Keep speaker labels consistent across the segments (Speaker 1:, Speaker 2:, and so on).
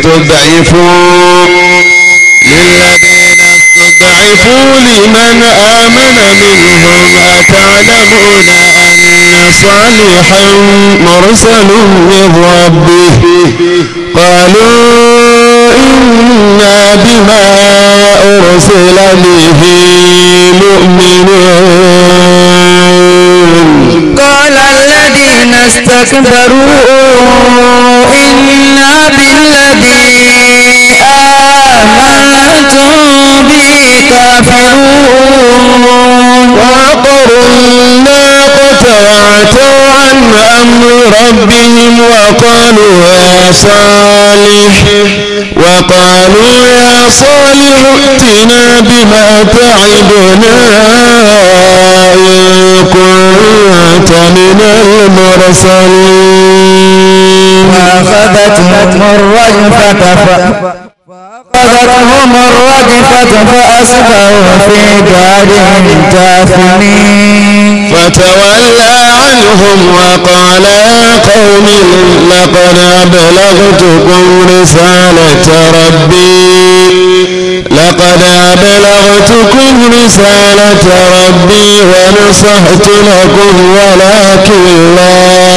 Speaker 1: استضعفوا للذين استضعفوا لمن آمن منهم أتعلمون أن صالحا مرسل من ربه قالوا إنا بما أرسل به مؤمنون قال الذين استكبروا الذي آمنتم به كافرون وعقروا الناقة وعتوا عن أمر ربهم وقالوا يا صالح وقالوا يا صالح ائتنا بما تعدنا إن كنت من المرسلين فأخذتهم الرجفة فأخذتهم الرجفة فأصبحوا في دارهم جاثمين فتولى عنهم وقال يا قوم لقد أبلغتكم رسالة ربي لقد أبلغتكم رسالة ربي ونصحت لكم ولكن
Speaker 2: لا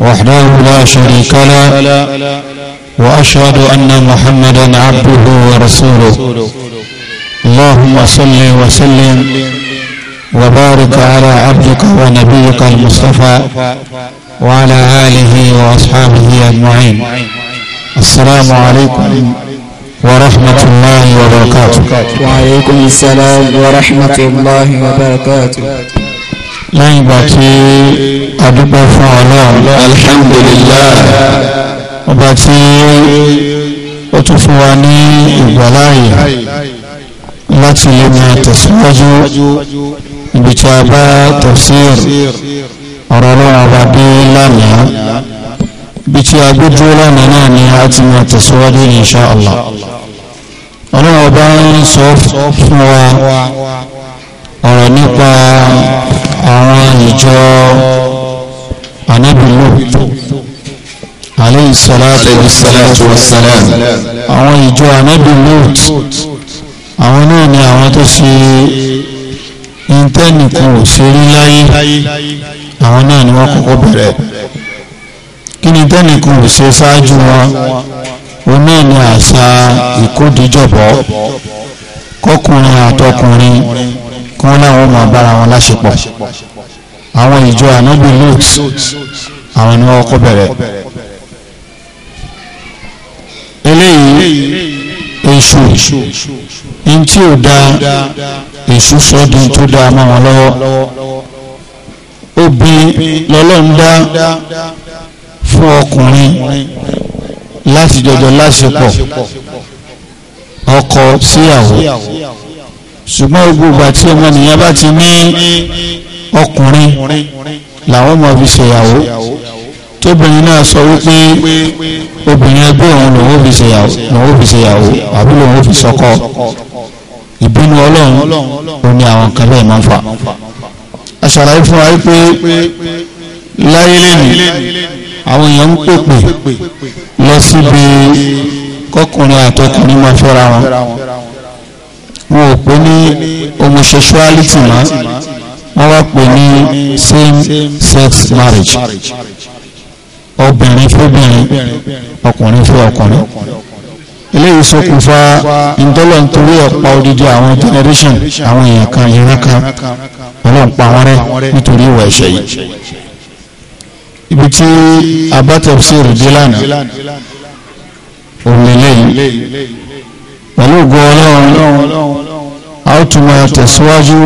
Speaker 2: وحده لا شريك له وأشهد أن محمدا عبده ورسوله اللهم صل وسلم وبارك على عبدك ونبيك المصطفى وعلى آله وأصحابه أجمعين السلام عليكم ورحمة الله وبركاته وعليكم السلام ورحمة
Speaker 1: الله وبركاته lẹ́yìn ìgbà tí adúpẹ́ fún
Speaker 2: ọlọ́run alhamdulillah ọba tí ó tún fún wa ní ìgbàláyè láti lè máa tẹ̀síwájú ibi tí a bá tafsir ọ̀rọ̀ ọlọ́run ọba dé lánàá ibi tí a gbójú lánàá náà ni a ti máa tẹ̀síwájú insha Allah ọlọ́run ọba ń sọ fún wa ọ̀rọ̀ nípa àwọn ìjọ anábìlú alayhi salatu wassalam àwọn ìjọ anábìlú àwọn náà ni àwọn tó ṣe ìntẹ́nìkan ò ṣe rí láyé àwọn náà ni wọ́n kọ́kọ́ bẹ̀rẹ̀ kí ni tẹ́nìkan ò ṣe ṣáájú wọn òun náà ni àṣà ìkódìjọbọ kọkùnrin àtọkùnrin kí wọ́n láwọn máa bára wọn láṣepọ̀ àwọn ìjọ ànábì lot àwọn ni wọ́n kọ́ bẹ̀rẹ̀
Speaker 3: eléyìí èṣù
Speaker 2: ní tí ò da èṣù sọ́dún tó da mọ́ wọn lọ́wọ́ obì lọ́lọ́run dá fún ọkùnrin láti jọjọ láṣepọ̀ ọkọ síyàwó ṣùgbọ́n gbogbo àti ọmọnìyàn bá ti ní ọkùnrin làwọn ọmọ fi ṣèyàwó tóbìnrin náà sọ wípé obìnrin ẹgbẹ́ òun lòun fi ṣèyàwó lòun fi ṣèyàwó àbí lòun fi sọkọ ìbínú ọlọ́run ò ní àwọn kan bẹ́ẹ̀ máa ń fà aṣàlàyé fún wa wípé láyé lẹ́nu àwọn èèyàn ń pèpè lọ síbi kọkùnrin àtọkùnrin máa fẹ́ra wọn wọn ò pè ní homosexuality mọ́ wọ́n wá pè ní same sex marriage
Speaker 3: obìnrin fóbìnrin ọkùnrin fún ọkùnrin
Speaker 2: eléyìí ṣokùnfà ìdọ́lọ̀ nítorí ọ̀pá odidi àwọn generation àwọn èèyàn kan ìran kan ọlọ́run pa wọn rẹ́ nítorí ìwà ẹ̀ṣẹ̀ yìí ibi tí abatafsir dé lánàá
Speaker 3: òun lélẹ́yìn pẹ̀lú ògo ọlọ́run
Speaker 2: tún máa tẹ̀síwájú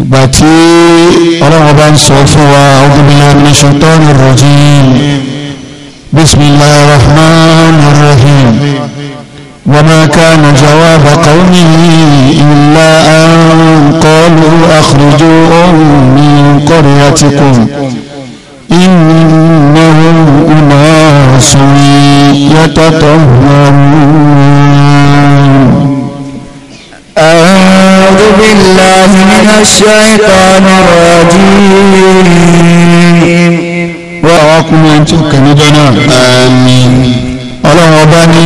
Speaker 2: ìgbà tí ọlọ́run bá ń sọ fún wa a'udhu billahi minash shaitani rrajim bismillahi rrahmani rrahim wa ma kana jawaba qawmihi illa an qalu akhrijuhum min qaryatikum innahum unasun
Speaker 1: yataṭahharun أعوذ بالله من الشيطان الرجيم وأقوم تلك نجنا آمين ọlọ́run ọba ní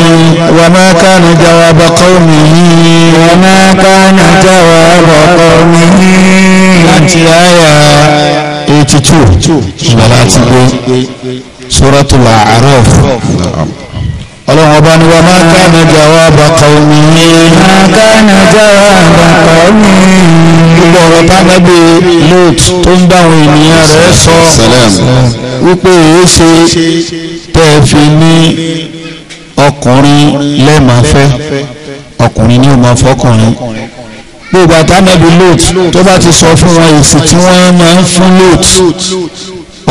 Speaker 1: wàmá kánà jawaba qawmihi wàmá kánà jawaba
Speaker 2: qawmihi láti àyà 82 ìgbàlá ti gbé suratul A'raf ọlọ́run ọba
Speaker 1: ni wọ́n máa ká ní jawaba qawmi. máa ká ní jawaba qawmi.
Speaker 2: gbogbo ọ̀rọ̀ tánàbí lóòt tó ń dáhùn ènìyàn rẹ̀ sọ wípé èé ṣe tẹ́ fi ní ọkùnrin lẹ́ẹ̀máfẹ́ ọkùnrin ni ó gbogbo àtànàbí lóòt tó bá ti sọ fún wọn èsì tí wọ́n máa ń fún lóòt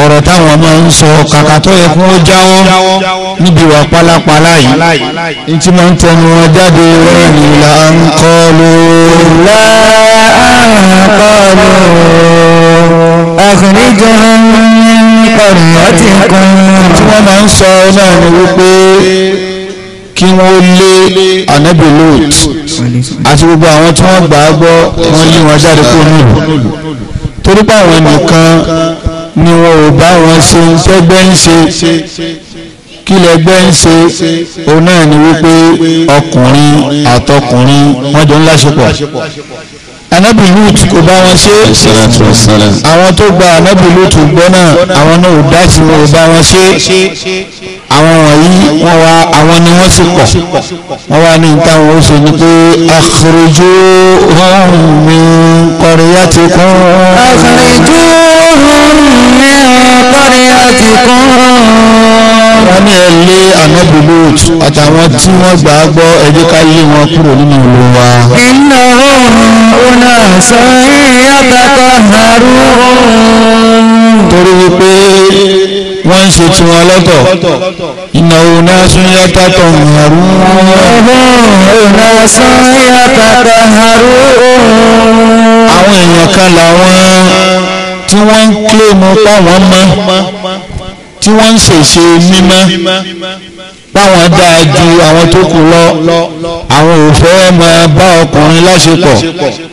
Speaker 2: ọ̀rọ̀ táwọn máa ń sọ kàkà tó yẹ kó jáwọ́ níbi wà pálapàla yìí ní tí máa ń tẹnu wọn jáde wọn ni là ń kọ́ ló là
Speaker 1: ń kọ́ ló àkùnrinjọ
Speaker 2: ọ̀rọ̀ ti ń tí wọ́n máa ń sọ náà ni wípé kí wọ́n lé ànábì lóòt àti gbogbo àwọn tí wọ́n gbà á gbọ́ wọ́n lé wọn jáde kó nílùú torí pé àwọn nìkan ni wọn ò bá wọn ṣe ń tẹ́gbẹ́ ń ṣe kí lẹgbẹ́ ń ṣe òun náà ni wípé ọkùnrin àtọkùnrin wọ́n jọ ń láṣepọ̀ anabi lut kò bá wọn ṣe àwọn tó gba anabi lut gbọ́ náà àwọn náà ò dá sí wọn ò bá wọn ṣe àwọn wọ̀nyí wọ́n wá àwọn ni wọ́n sì pọ̀ wọ́n wá ní ìtawọ̀ ó sì ní pé akhruju hum
Speaker 1: min qaryatikum. akhruju hum min
Speaker 2: qaryatikum. wọ́n ní ẹ lé àtàwọn tí wọ́n gbà á gbọ́ ẹ ká lé wọn kúrò nínú ìlú wa. innahum
Speaker 1: unasun yataṭahharun. torí wípé wọ́n ń ṣe tí wọ́n lọ́tọ̀ ìnáwó náà sún yàtà tó ń harú. ìnáwó sún yàtà tó ń
Speaker 2: àwọn èèyàn kan làwọn tí wọ́n ń kílèmù pa wọ́n mọ́ tí wọ́n ń ṣèṣe mímọ́ táwọn dáa ju àwọn tó kù lọ àwọn ò fẹ́ máa bá ọkùnrin láṣepọ̀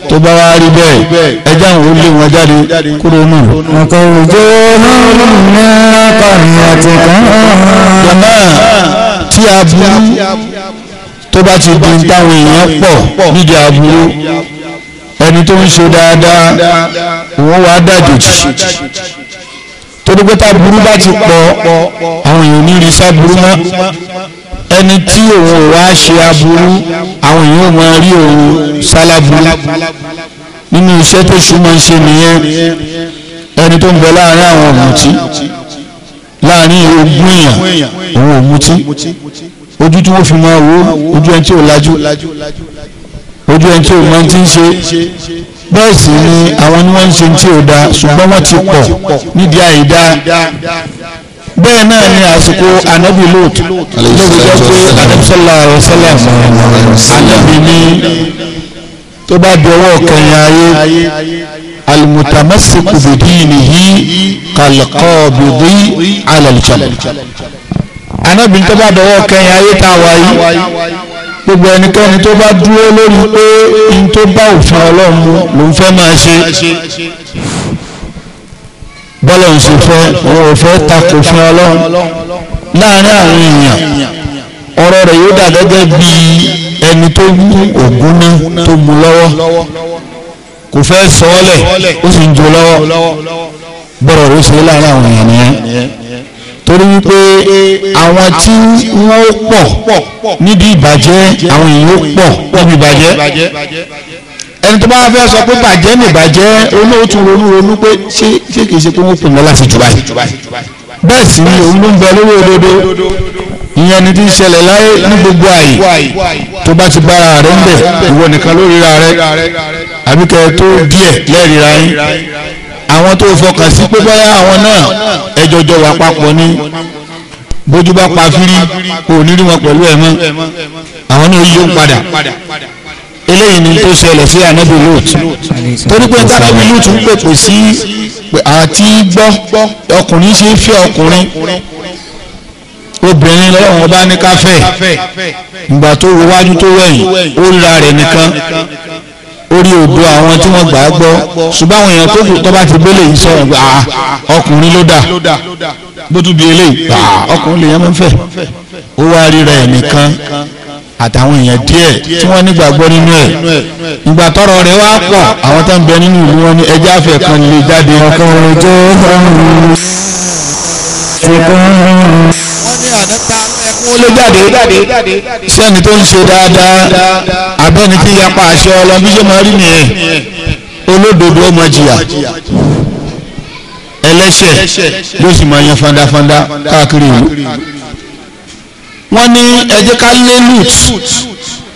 Speaker 2: tó bá wá rí bẹ́ẹ̀ ẹjá àwọn olè wọn jáde kúrò nù. ọkọ̀ òjò náà kọ̀ọ̀nì àti kan. jọ̀mọ́ tí a burú tó bá ti di táwọn èèyàn pọ̀ nídìí aburú ẹni tó ń ṣe dáadáa òun wàá dájòjì torí pé tá burú bá ti pọ̀ àwọn èèyàn ní rí sá burú mọ́ ẹni tí òun ò wá ṣe aburú àwọn èèyàn ò máa rí òun sálábùú nínú iṣẹ́ tó súnmọ́ ń ṣe nìyẹn ẹni tó ń bẹ láàrin àwọn ọ̀mùtí láàrin ogún èèyàn òun ọ̀mùtí ojú tí wọ́n fi máa wo ojú ẹni tí ò lajú ojú ẹni tí ò mọ̀ ti ń ṣe bẹ́ẹ̀ sì ni àwọn ni wọ́n ń ṣe tí ò da ṣùgbọ́n wọ́n ti pọ̀ nídìí àìdá bẹ́ẹ̀ náà ni àsìkò anabi lot lórí jẹ́ pé anabi sallallahu alaihi wasallam anabi ni tó bá di ọwọ́ kẹyìn ayé alimutamasiku bidinihi kalqabidi alalijal anabi tó bá di ọwọ́ kẹyìn ayé tá a wáyé gbogbo ẹnikẹ́ni tó bá dúró lórí pé n tó bá òfin ọlọ́run ló ń fẹ́ máa ṣe bọ́lọ̀ ń ṣe fẹ́ òun ò fẹ́ takò fún ọlọ́run láàrin àwọn èèyàn ọ̀rọ̀ rẹ̀ yóò dà gẹ́gẹ́ bí ẹni tó mú ògún náà tó mú lọ́wọ́ kò fẹ́ sọ́ọ́lẹ̀ ó sì ń jó lọ́wọ́ bọ́rọ̀ ló ṣe láàrin àwọn èèyàn nìyẹn torí wípé àwọn tí wọ́n pọ̀ níbi ìbàjẹ́ àwọn èèyàn pọ̀ níbi ìbàjẹ́ ẹni tó bá fẹ́ sọ pé bàjẹ́ nìbàjẹ́ olóòtú ronú ronú pé ṣé ṣé kìí ṣe pé wọ́n fún mi láti jù báyìí bẹ́ẹ̀ sì ni òun ló ń bẹ lówó òdodo ìyẹn ni tí ń ṣẹlẹ̀ láyé ní gbogbo àyè
Speaker 3: tó bá ti bára rẹ̀ ń bẹ̀ ìwọ nìkan ló ríra
Speaker 2: rẹ̀ àbíkẹ́ tó díẹ̀ lẹ́ẹ̀ríra yín àwọn tó fọkàn sí pé bóyá àwọn náà ẹjọ́ jọ wà papọ̀ ni bójú bá pa fírí kò ní rí wọn pẹ̀lú ẹ̀ mọ́ àwọn náà yíyó padà eléyìí ni tó ṣẹlẹ̀ sí anabi lut torí pé tábìlì lut ń pèpè sí àti gbọ́ ọkùnrin ṣe ń fẹ́ ọkùnrin obìnrin lọ́wọ́ ọba ní káfẹ́ ìgbà tó wájú tó wẹ̀yìn ó ríra rẹ̀ nìkan orí odò àwọn tí wọn gbà á gbọ́ ṣùgbọ́n àwọn èèyàn tó bá ti gbélé yìí ọkùnrin ló dà bó tún bí eléyìí ah, ọkùnrin lè máa ń fẹ́ ó wá ríra nìkan àtàwọn èèyàn díẹ̀ tí wọ́n nígbàgbọ́ nínú ẹ̀ ìgbà rẹ̀ wá pọ̀ àwọn tó nínú ìlú wọn ní jáde
Speaker 3: ló jáde sẹ́ni tó ń ṣe dáadáa
Speaker 2: abẹ́ni tí yapa àṣẹ ọlọ́bí ṣe máa rí nìyẹn olódodo ọmọ jìyà ẹlẹ́ṣẹ̀ ló sì máa yan fandafanda káàkiri ìlú wọ́n ní ẹ jẹ́ ká lé lute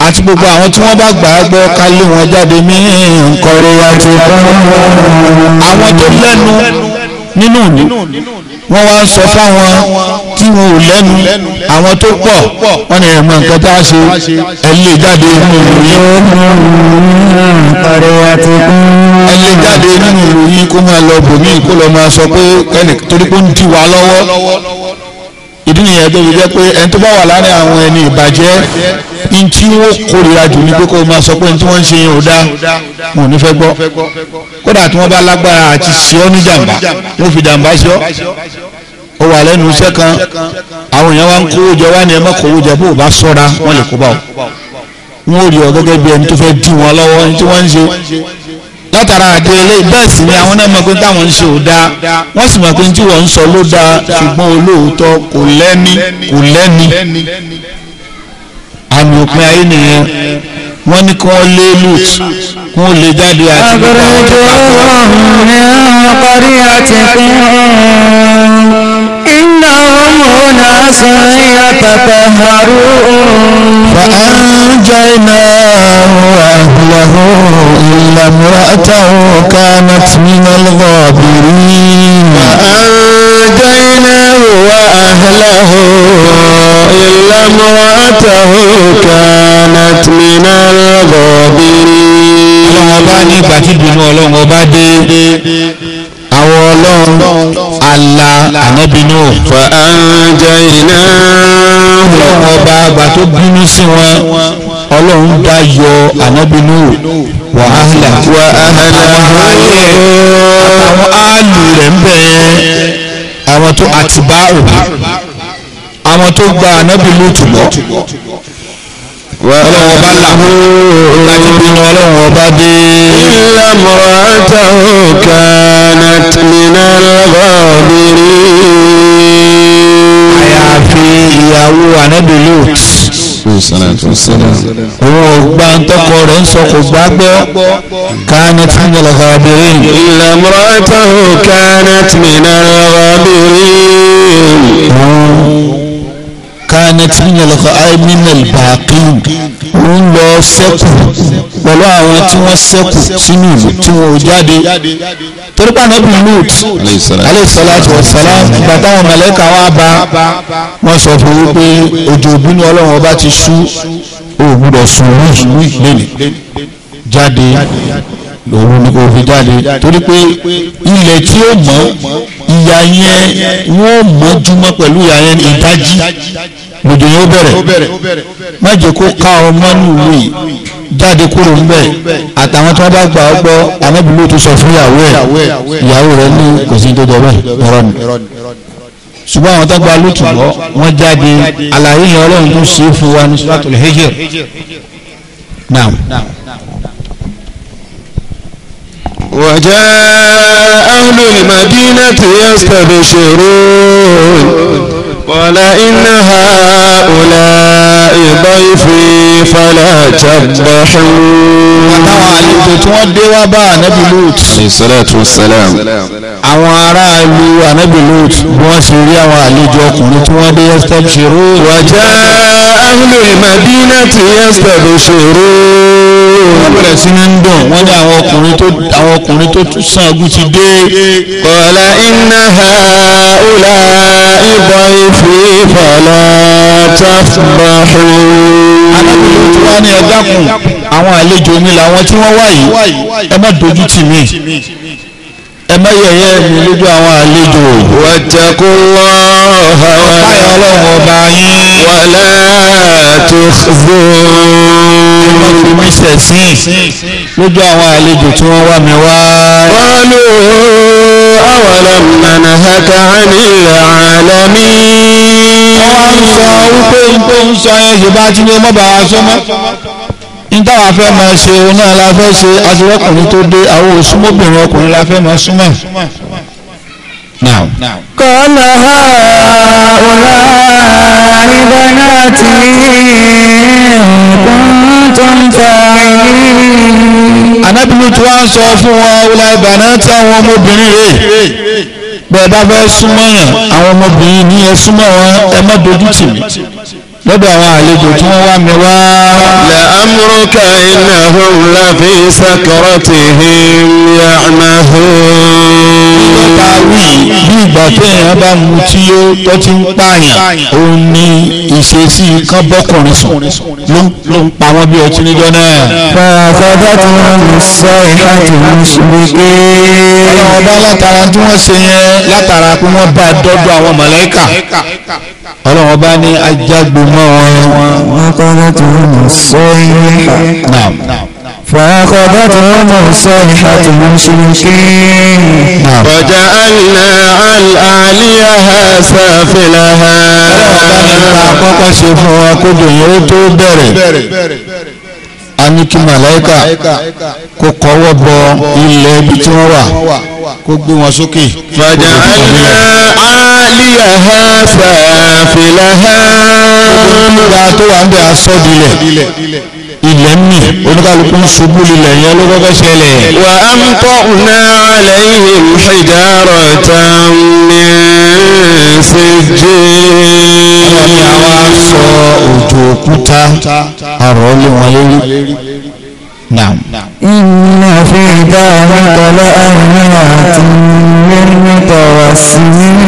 Speaker 2: àti gbogbo àwọn tí wọ́n bá gbà á gbọ́ ká lé wọn jáde ní nkọ́rọ́ àti àwọn tó lẹ́nu nínú ìlú wọ́n wá ń sọ fáwọn tí wọn ò lẹ́nu àwọn tó pọ̀ wọ́n ní ẹ̀mọ nǹkan tá a ṣe ẹ̀lẹ́ jáde nínú ìròyìn. ẹ̀lẹ́ jáde nínú ìròyìn kó máa lọ bòmí kó lọ máa sọ pé ẹnì torí pé ń di wa lọ́wọ́ ìdí nìyẹn tó fi jẹ́ pé ẹni tó bá wà láàrin àwọn ẹni ìbàjẹ́ n tí wọ́n kórìíra jù ní pé kó máa sọ pé n tí wọ́n ń ṣe yẹn ò dáa wọn ò ní fẹ́ gbọ́ kódà tí wọ́n bá lágbára àti ṣe ọ́ ní jàǹbá wọ́n fi jàǹbá ṣe ọ́ ó wà lẹ́nu iṣẹ́ kan
Speaker 3: àwọn èèyàn wa ń kówó jẹ wá ní ẹ kówó jẹ bó o bá sọ́ra wọ́n lè kó bá o
Speaker 2: wọ́n ò rí ọ gẹ́gẹ́ bí ẹni tó fẹ́ dì wọ́n lọ́wọ́ ẹni tí wọ́n ń ṣe látara àdé ilé bẹ́ẹ̀ sì ni àwọn náà mọ̀ pé táwọn ń ṣe ò dáa wọ́n sì mọ̀ pé tí wọ́n ń sọ ló dáa ṣùgbọ́n olóòótọ́ kò lẹ́ni kò lẹ́ni òpin ayé nìyẹn wọ́n ní kí wọ́n lé lut kí wọ́n lè jáde àti nígbà wọn tó
Speaker 1: إلا امرأته كانت من الغابرين فأنجيناه وأهله إلا امرأته كانت من الغابرين ọlọ́run ọba ní ìgbà
Speaker 2: tí ìdùnnú ọlọ́run ọba dé àwọn ọlọ́run àlà ànábìnú fa'anjayna ọlọ́run ọba àgbà tó bínú sí wọn ọlọ́run dá yọ ànábìnú Wa áhàlà wà áhàlà àwọn áàlù rẹ̀ ń bẹ yẹn àwọn tó àtibá òbí àwọn tó gba ànábì lóòtù lọ ọlọ́wọ́ bá là láti bí wọn ọlọ́wọ́ bá dé.
Speaker 1: ilé mọ̀rọ̀ àtàwọn kan àtìmínà lọ́gọ́bìnrin.
Speaker 2: àyàfi ìyàwó ànábì lóòtù
Speaker 1: òun
Speaker 2: ò gba ntọ́kọ rẹ̀ ń sọ kò gbá gbọ́
Speaker 1: كانت من الغابرين إلا امرأته كانت من
Speaker 2: الغابرين kanat minal minal baqin ó ń lọ sẹ́kù pẹ̀lú àwọn tí wọ́n sẹ́kù sínú ìlú tí wọ́n jáde torípa nẹ́bí lut aleyhisalatu wasalam ìgbà táwọn mẹ̀lẹ́kà wá bá wọ́n sọ fún wípé òjò ìbínú ọlọ́run ọba ti ṣú ó gbúdọ̀ sùn wí lẹ́nìí jáde òun ni kò fi jáde torí pé ilẹ̀ tí ó mọ̀ ìyá yẹn wọ́n mọ̀ jùmọ̀ pẹ̀lú ìyá yẹn ìdájí lòdì yóò bẹ̀rẹ̀ má jẹ́ kó ká ọmọ nílùú yìí jáde kúrò ń bẹ̀ àtàwọn tí wọ́n bá gbà ọ́ gbọ́ anábìlú tó sọ fún ìyàwó ẹ̀ ìyàwó rẹ̀ ní kò sí tó dọ̀bẹ̀ ọ̀rọ̀ ni ṣùgbọ́n àwọn tọ́gbà lùtù lọ wọ́n jáde àlàyé yẹn ọlọ́run tó ṣe é fún wa ní suratul
Speaker 1: hijr naam. وجاء أهل المدينة يستبشرون قال إن هذا أولئي
Speaker 2: ضيفي فلا تفضحون àtàwọn àlejò tí wọ́n dé wá bá ànábì Lut.
Speaker 1: ìsọ́lẹ̀tù sẹ́lẹ̀m.
Speaker 2: àwọn ará ìlú ànábì Lut bí wọ́n ṣe rí àwọn àlejò ọkùnrin tí wọ́n dé yẹ́sítẹ́p ṣerú. wàjà ahlu
Speaker 1: madina ti yẹ́sítẹ́p ṣerú. wọ́n bẹ̀rẹ̀ sí ní ń dùn wọ́n ní àwọn ọkùnrin tó àwọn ọkùnrin tó tún sàn agùn ti dé. kọ́lá iná ha ó
Speaker 2: láà. ضيفي فلا تفضحوا alábìlú tí wọ́n ní ẹ dákun àwọn àlejò mi làwọn tí wọ́n wá yìí ẹ má dojú tì mí ẹ má yẹ̀yẹ́ mi lójú àwọn àlejò.
Speaker 1: wattaqullaha báyọ̀ ọlọ́run ọba yín. wala tukhzun. ẹ má fi mí ṣẹ̀sín lójú àwọn àlejò tí wọ́n wá mi wá. qalu awalam nanhaka 'anil
Speaker 2: 'aalimin àlàmí. wọ́n sọ wípé wípé ń sọ yẹn bá ti ní ọmọ bàbá sọmọ. nítawa fẹ́ máa ṣe òun náà la fẹ́ ṣe aṣọ́kùnrin tó dé àwọn òṣùmọ́bìnrin ọkùnrin la fẹ́ máa súnmọ́.
Speaker 3: قال
Speaker 1: هؤلاء بناتي
Speaker 2: إن كنتم فاعلين. Ànábì Lúùtù wá ń sọ fún wọn ọ̀la ìbànú tí àwọn ọmọbìnrin rè é bẹ́ẹ̀ bá fẹ́ súnmọ́ yàn àwọn ọmọbìnrin ní ẹ súnmọ́ wọn ẹ má dojú mí lọ́dọ̀ àwọn àlejò tí wọ́n wá
Speaker 1: mi wá. la'amruka innahum la fi sakratihim
Speaker 2: ya'mahun. nígbà wí bí ìgbà téèyàn bá mu tí ó tó ti ń pààyàn òun ni ìṣesí kan bọ́kùnrin sùn ló ń pa wọ́n bí ọtí níjọ́ náà. fàfàdà tí wọ́n ń sọ ìhà tí wọ́n ṣe gbé. ọlọ́run ọba látara tí wọ́n ṣe yẹn látara pé wọ́n bá dọ́dọ̀ àwọn mọ̀lẹ́kà ọlọ́run ọba ní ajágbó mọ́ mọ́ wọn فأخذتهم الصيحة نعم فأخذتهم
Speaker 1: الصيحة مشركين وجعلنا على أعليها سافلها àkọ́kọ́ ṣe fún wa kó dùn ó tó
Speaker 3: bẹ̀rẹ̀
Speaker 2: a ní kí màláíkà kó kọ́wọ́ bọ ilẹ̀ ibi tí wọ́n wà kó gbé wọn sókè. fàjà àlìyàhà fàfìlàhà. ìgbà tó wà ń bẹ
Speaker 1: asọ́dilẹ̀ ilẹ̀ ń mì oníkàlùkù ń ṣubú lulẹ̀ yẹn ló kọ́kọ́ ṣẹlẹ̀. wà á ń tọ́ ọ̀nà àlẹ́yìn ìdáàrọ̀ tá a mi
Speaker 2: ṣe jẹ́. ọlọ́ni àwa sọ òjò òkúta àrọ̀ lé wọn lérí. في
Speaker 1: ذلك لآيات للمتوسمين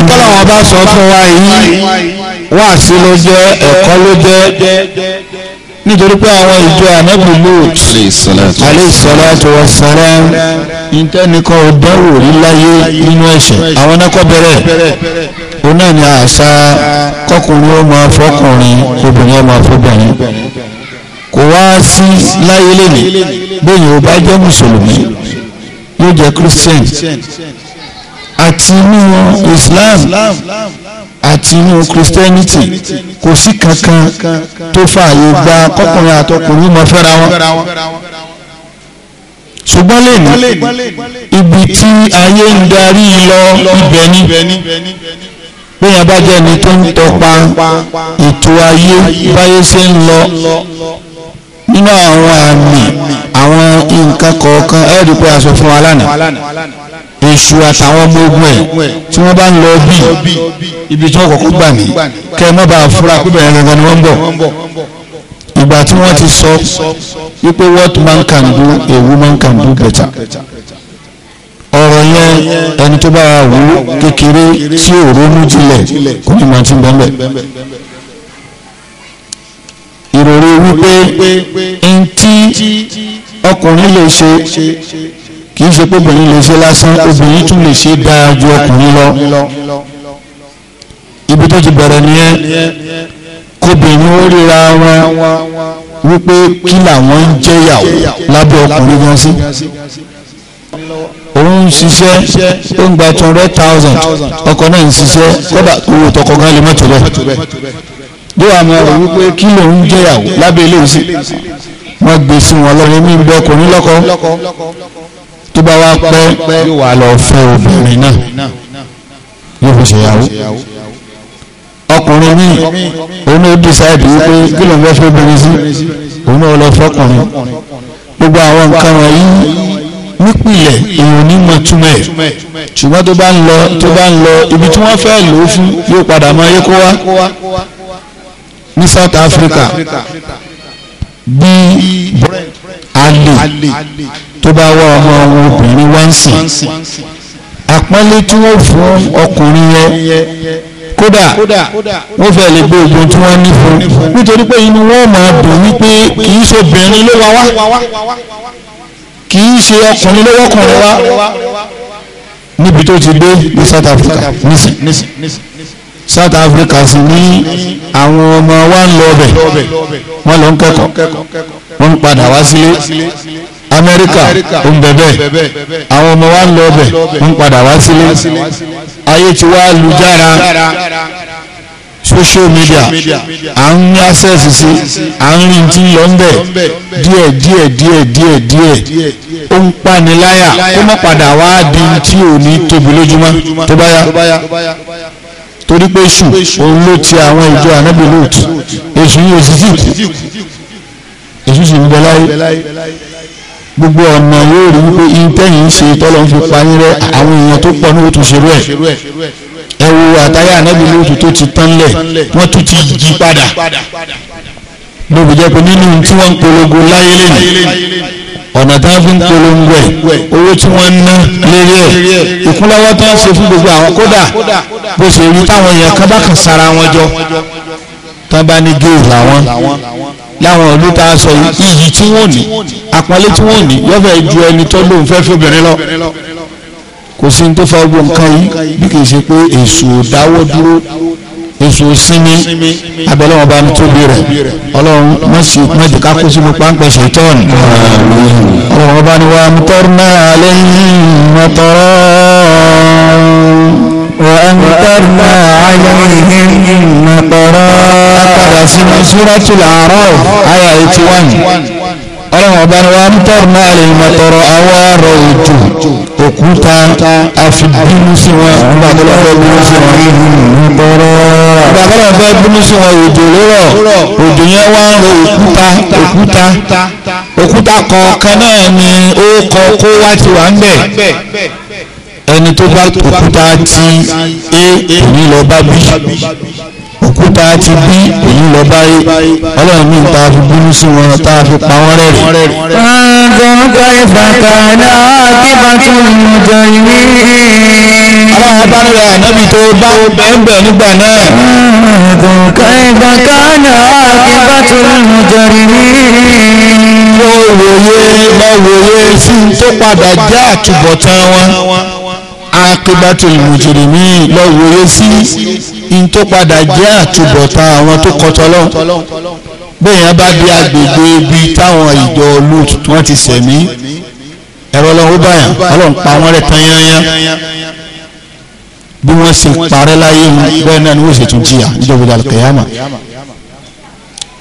Speaker 1: ìtọ́lọ́wọ́ bá sọ fún wa yìí wá sí ló jẹ́ ẹ̀kọ́ ló
Speaker 2: jẹ́ nítorí pé àwọn ìjọ ànábì Lut alayhi salatu wassalam ìtẹ́nìkan ò dánwò rí láyé nínú ẹ̀ṣẹ̀ àwọn náà kọ́ bẹ̀rẹ̀ òun náà ni àṣà kọkùnrin ó máa fọkùnrin obìnrin ó máa fọbìnrin kò wá sí láyé lẹ́nìí bóyá ò bá jẹ́ mùsùlùmí yóò jẹ́ christian àti inú islam àti inú christianity kò sí kankan tó fààyè gba kọkùnrin àtọkùnrin mọ fẹ́ra wọn ṣùgbọ́n lẹ́nu ibi tí ayé ń darí lọ ibẹ̀ ni bóyá bá jẹ́ ẹni tó ń tọpa ètò ayé báyé ṣe ń lọ nínú àwọn àmì àwọn nǹkan kọ̀ọ̀kan ẹ̀rí pé a sọ fún wa lánàá èṣù àtàwọn ọmọ ogun ẹ̀ tí wọ́n bá ń lọ bí ibi tí wọ́n kọ́kọ́ gbà mí kẹ́ ẹ má bàa fura pé bẹ̀rẹ̀ gangan ni wọ́n ń bọ̀ ìgbà tí wọ́n ti sọ wípé what man can do a woman can do better ọ̀rọ̀ yẹn ẹni tó bá wù kékeré tí òrónú jinlẹ̀ kò ní máa ti bẹ́ẹ̀
Speaker 3: bẹ́ẹ̀
Speaker 2: wípé ntí ọkùnrin lè ṣe kì í ṣe pé obìnrin lè ṣe lásán obìnrin tún lè ṣe dáa ju ọkùnrin lọ ibi tó ti bẹ̀rẹ̀ nìyẹn kóbìnrin ó ríra wọn wípé kí làwọn ń jẹ́yàwó lábẹ́ ọkùnrin gan sí òun ń ṣiṣẹ́ ó ń gba two hundred thousand ọkọ náà ń ṣiṣẹ́ kódà owó tọkọ gan lè mọ̀tò bẹ́ẹ̀ bí wàá máa rò wípé kí ló ń jẹyàwó lábẹ́ ilé ìsìn wọ́n gbé sí wọn lọ́rẹ́ mí bẹ́ẹ̀ kò ní lọ́kọ tó bá wá pẹ́ yóò wá lọ fẹ́ obìnrin náà yóò fi ṣèyàwó ọkùnrin míì òun ló dìsáìdì wípé kí ló ń fẹ́ fẹ́ obìnrin sí òun náà lọ fọkùnrin gbogbo àwọn nǹkan wọ̀nyí nípìnlẹ̀ èèyàn ní mọ̀ túmẹ̀ ṣùgbọ́n tó bá ń lọ ibi tí wọ́n fẹ́ lò ó fún yóò padà máa yé kó wá ní South Africa bí alè tó bá wá ọmọ àwọn obìnrin wá ń sìn àpọ́nlé tí wọ́n fún ọkùnrin yẹn kódà wọ́n fẹ́ lè gbé ogun tí wọ́n ní fún nítorí pé inú wọn máa dùn wípé kì í ṣe obìnrin ló wá wá kì í ṣe ọkùnrin ló wọ́kùnrin wá níbi tó ti dé ní South Africa nísìn. South Africa sì ní àwọn ọmọ wa ń lọ ọbẹ̀ wọ́n lọ ń kẹ́kọ̀ọ́ wọ́n ń padà wá sílé Amẹ́ríkà ó ń bẹ̀bẹ̀ àwọn ọmọ wa ń lọ ọbẹ̀ wọ́n ń padà wá sílé ayé ti wá lu jára social media à ń ní access sí à ń rí ti lọ ń bẹ̀ díẹ̀ díẹ̀ díẹ̀ díẹ̀ díẹ̀ ó ń paniláyà kó má padà wá di tí ò tóbi lójúmọ́ tó bá yá torí pé èṣù òun ló ti àwọn ìjọ ànábì lóòtù èṣù yìí òsì sí èṣù sì ń bẹ láyé gbogbo ọ̀nà yóò rí wípé intẹ́yìn ń ṣe tọ́lọ́ ń fi payín rẹ àwọn èèyàn tó pọ̀ ní òtù ṣerú ẹ̀ ẹ wo àtàyà ànábì lóòtù tó ti tán lẹ̀ wọ́n tún ti jí padà lóbi jẹ́ pé nínú tí wọ́n ń polongo láyé lẹ́yìn ọ̀nà tá a fi ń polongo ẹ̀ owó tí wọ́n ń ná lérí ẹ̀ ìkúnlọ́wọ́ tó ń ṣe fún gbogbo àwọn kódà bó ṣe rí táwọn èèyàn kan bá kàn sára wọn jọ tán bá ní géè làwọn láwọn ìlú tá a sọ iyì tí wọ́n ní àpọ́nlé tí wọ́n ní yọ́fẹ́ ju ẹni tó lóun fẹ́ fún obìnrin lọ kò sí ní tó fa gbogbo nǹkan yìí bí kì í ṣe pé èso dáwọ́ dúró èso sinmi abẹ́lẹ́ wọn bá ń tóbi rẹ̀ ọlọ́run má jẹ́ ká kó sínú páńpẹ́ ṣètọ́ọ̀nì ọlọ́run wọn bá ní wa amtarna alayhim matara
Speaker 1: wa amtarna alayhim matara. akadà sínú suratul A'raf àyà eighty one ọlọ́run wọn bá ní wa amtarna alayhim matara àwọn arọ òjò òkúta àfi bínú sí wọn nígbà tó lọ́wọ́
Speaker 2: bínú sí wọn. nígbà tó lọ́wọ́ fẹ́ bínú sí wọn òjò lórọ̀ òjò yẹn wá ń ro òkúta òkúta òkúta kọ̀ọ̀kan náà ni ó kọ kó wá ti wà ń bẹ̀ ẹni tó bá òkúta ti a kò lọ bá bí bí ta ti bí èyí lọ báyé ọlọ́run mi ta fi bínú sí wọn ta fi pa wọ́n rẹ̀ rí. ọ̀gọ́n kọ́
Speaker 1: ìfàkà náà kí bàtún jọ ìwé. ọlọ́run bá nílò ànábì tó bá bẹ́ẹ̀ nígbà náà. ọ̀gọ́n ìfàkà náà kí bàtún jọ ìwé. mo wòye mo wòye
Speaker 2: sí tó padà jẹ́ àtúbọ̀tán wọn aqibatul mujrimin lọ́wọ́ yé sí in tó padà jẹ́ àtúbọ̀tán àwọn tó kọtọ́lọ́ bẹ́ẹ̀ bá di agbègbè ibi táwọn ìjọ lóòtù tí wọ́n ti sẹ̀mí ẹ̀rọ ọlọ́run báyà ọlọ́run pa wọ́n rẹ̀ tán yányán bí wọ́n ṣe parẹ́ láyé mu bẹ́ẹ̀ náà ni wọ́n ṣe tún jìyà níjọba ìjà kẹyàmà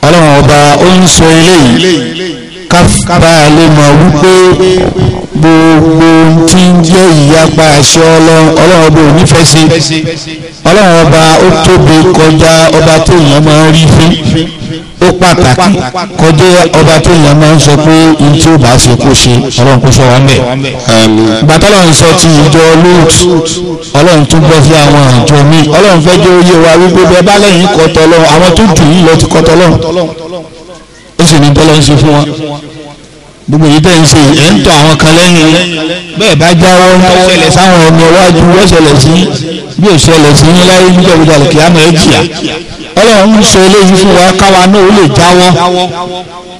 Speaker 2: ọlọ́run ọba ó ń sọ eléyìí ká bá mọ̀ wípé gbogbo tí ń jẹ́ ìyapa àṣẹ ọlọ́run ọlọ́run ọba ò nífẹ̀ẹ́ sí ọlọ́run ọba ó tóbi kọjá ọba tó yàn máa ń rí fún ó pàtàkì kọjá ọba tó yàn máa ń sọ pé ohun tí ó bá ṣe kó ṣe ọlọ́run kó sọ wá mẹ́.
Speaker 1: bàtàlọ́ ń sọ ti ìjọ lut
Speaker 2: ọlọ́run tún gbọ́ sí àwọn àjọ mi ọlọ́run fẹ́ jẹ́ oyè wa wípé bẹ́ẹ̀ bá lẹ́yìn kọ́tọ́ lọ́run àwọn tó dùn yìí lọ ti kọ́tọ́ lọ́run ó sì ní bọ́lá ń ṣe fún wọn gbogbo yìí tẹ̀ ń ṣe ẹ̀ ń tọ́ àwọn kan lẹ́yìn bẹ́ẹ̀ bá jáwọ́ wọ́n ṣẹlẹ̀ sáwọn ẹni ọwájú wọ́n ṣẹlẹ̀ sí bí ò ṣẹlẹ̀ sí yín láyé níjọ́ gbogbo àlùkí àmọ́ ẹ jìyà ọlọ́run ń sọ eléyìí fún wa káwa náà ó lè jáwọ́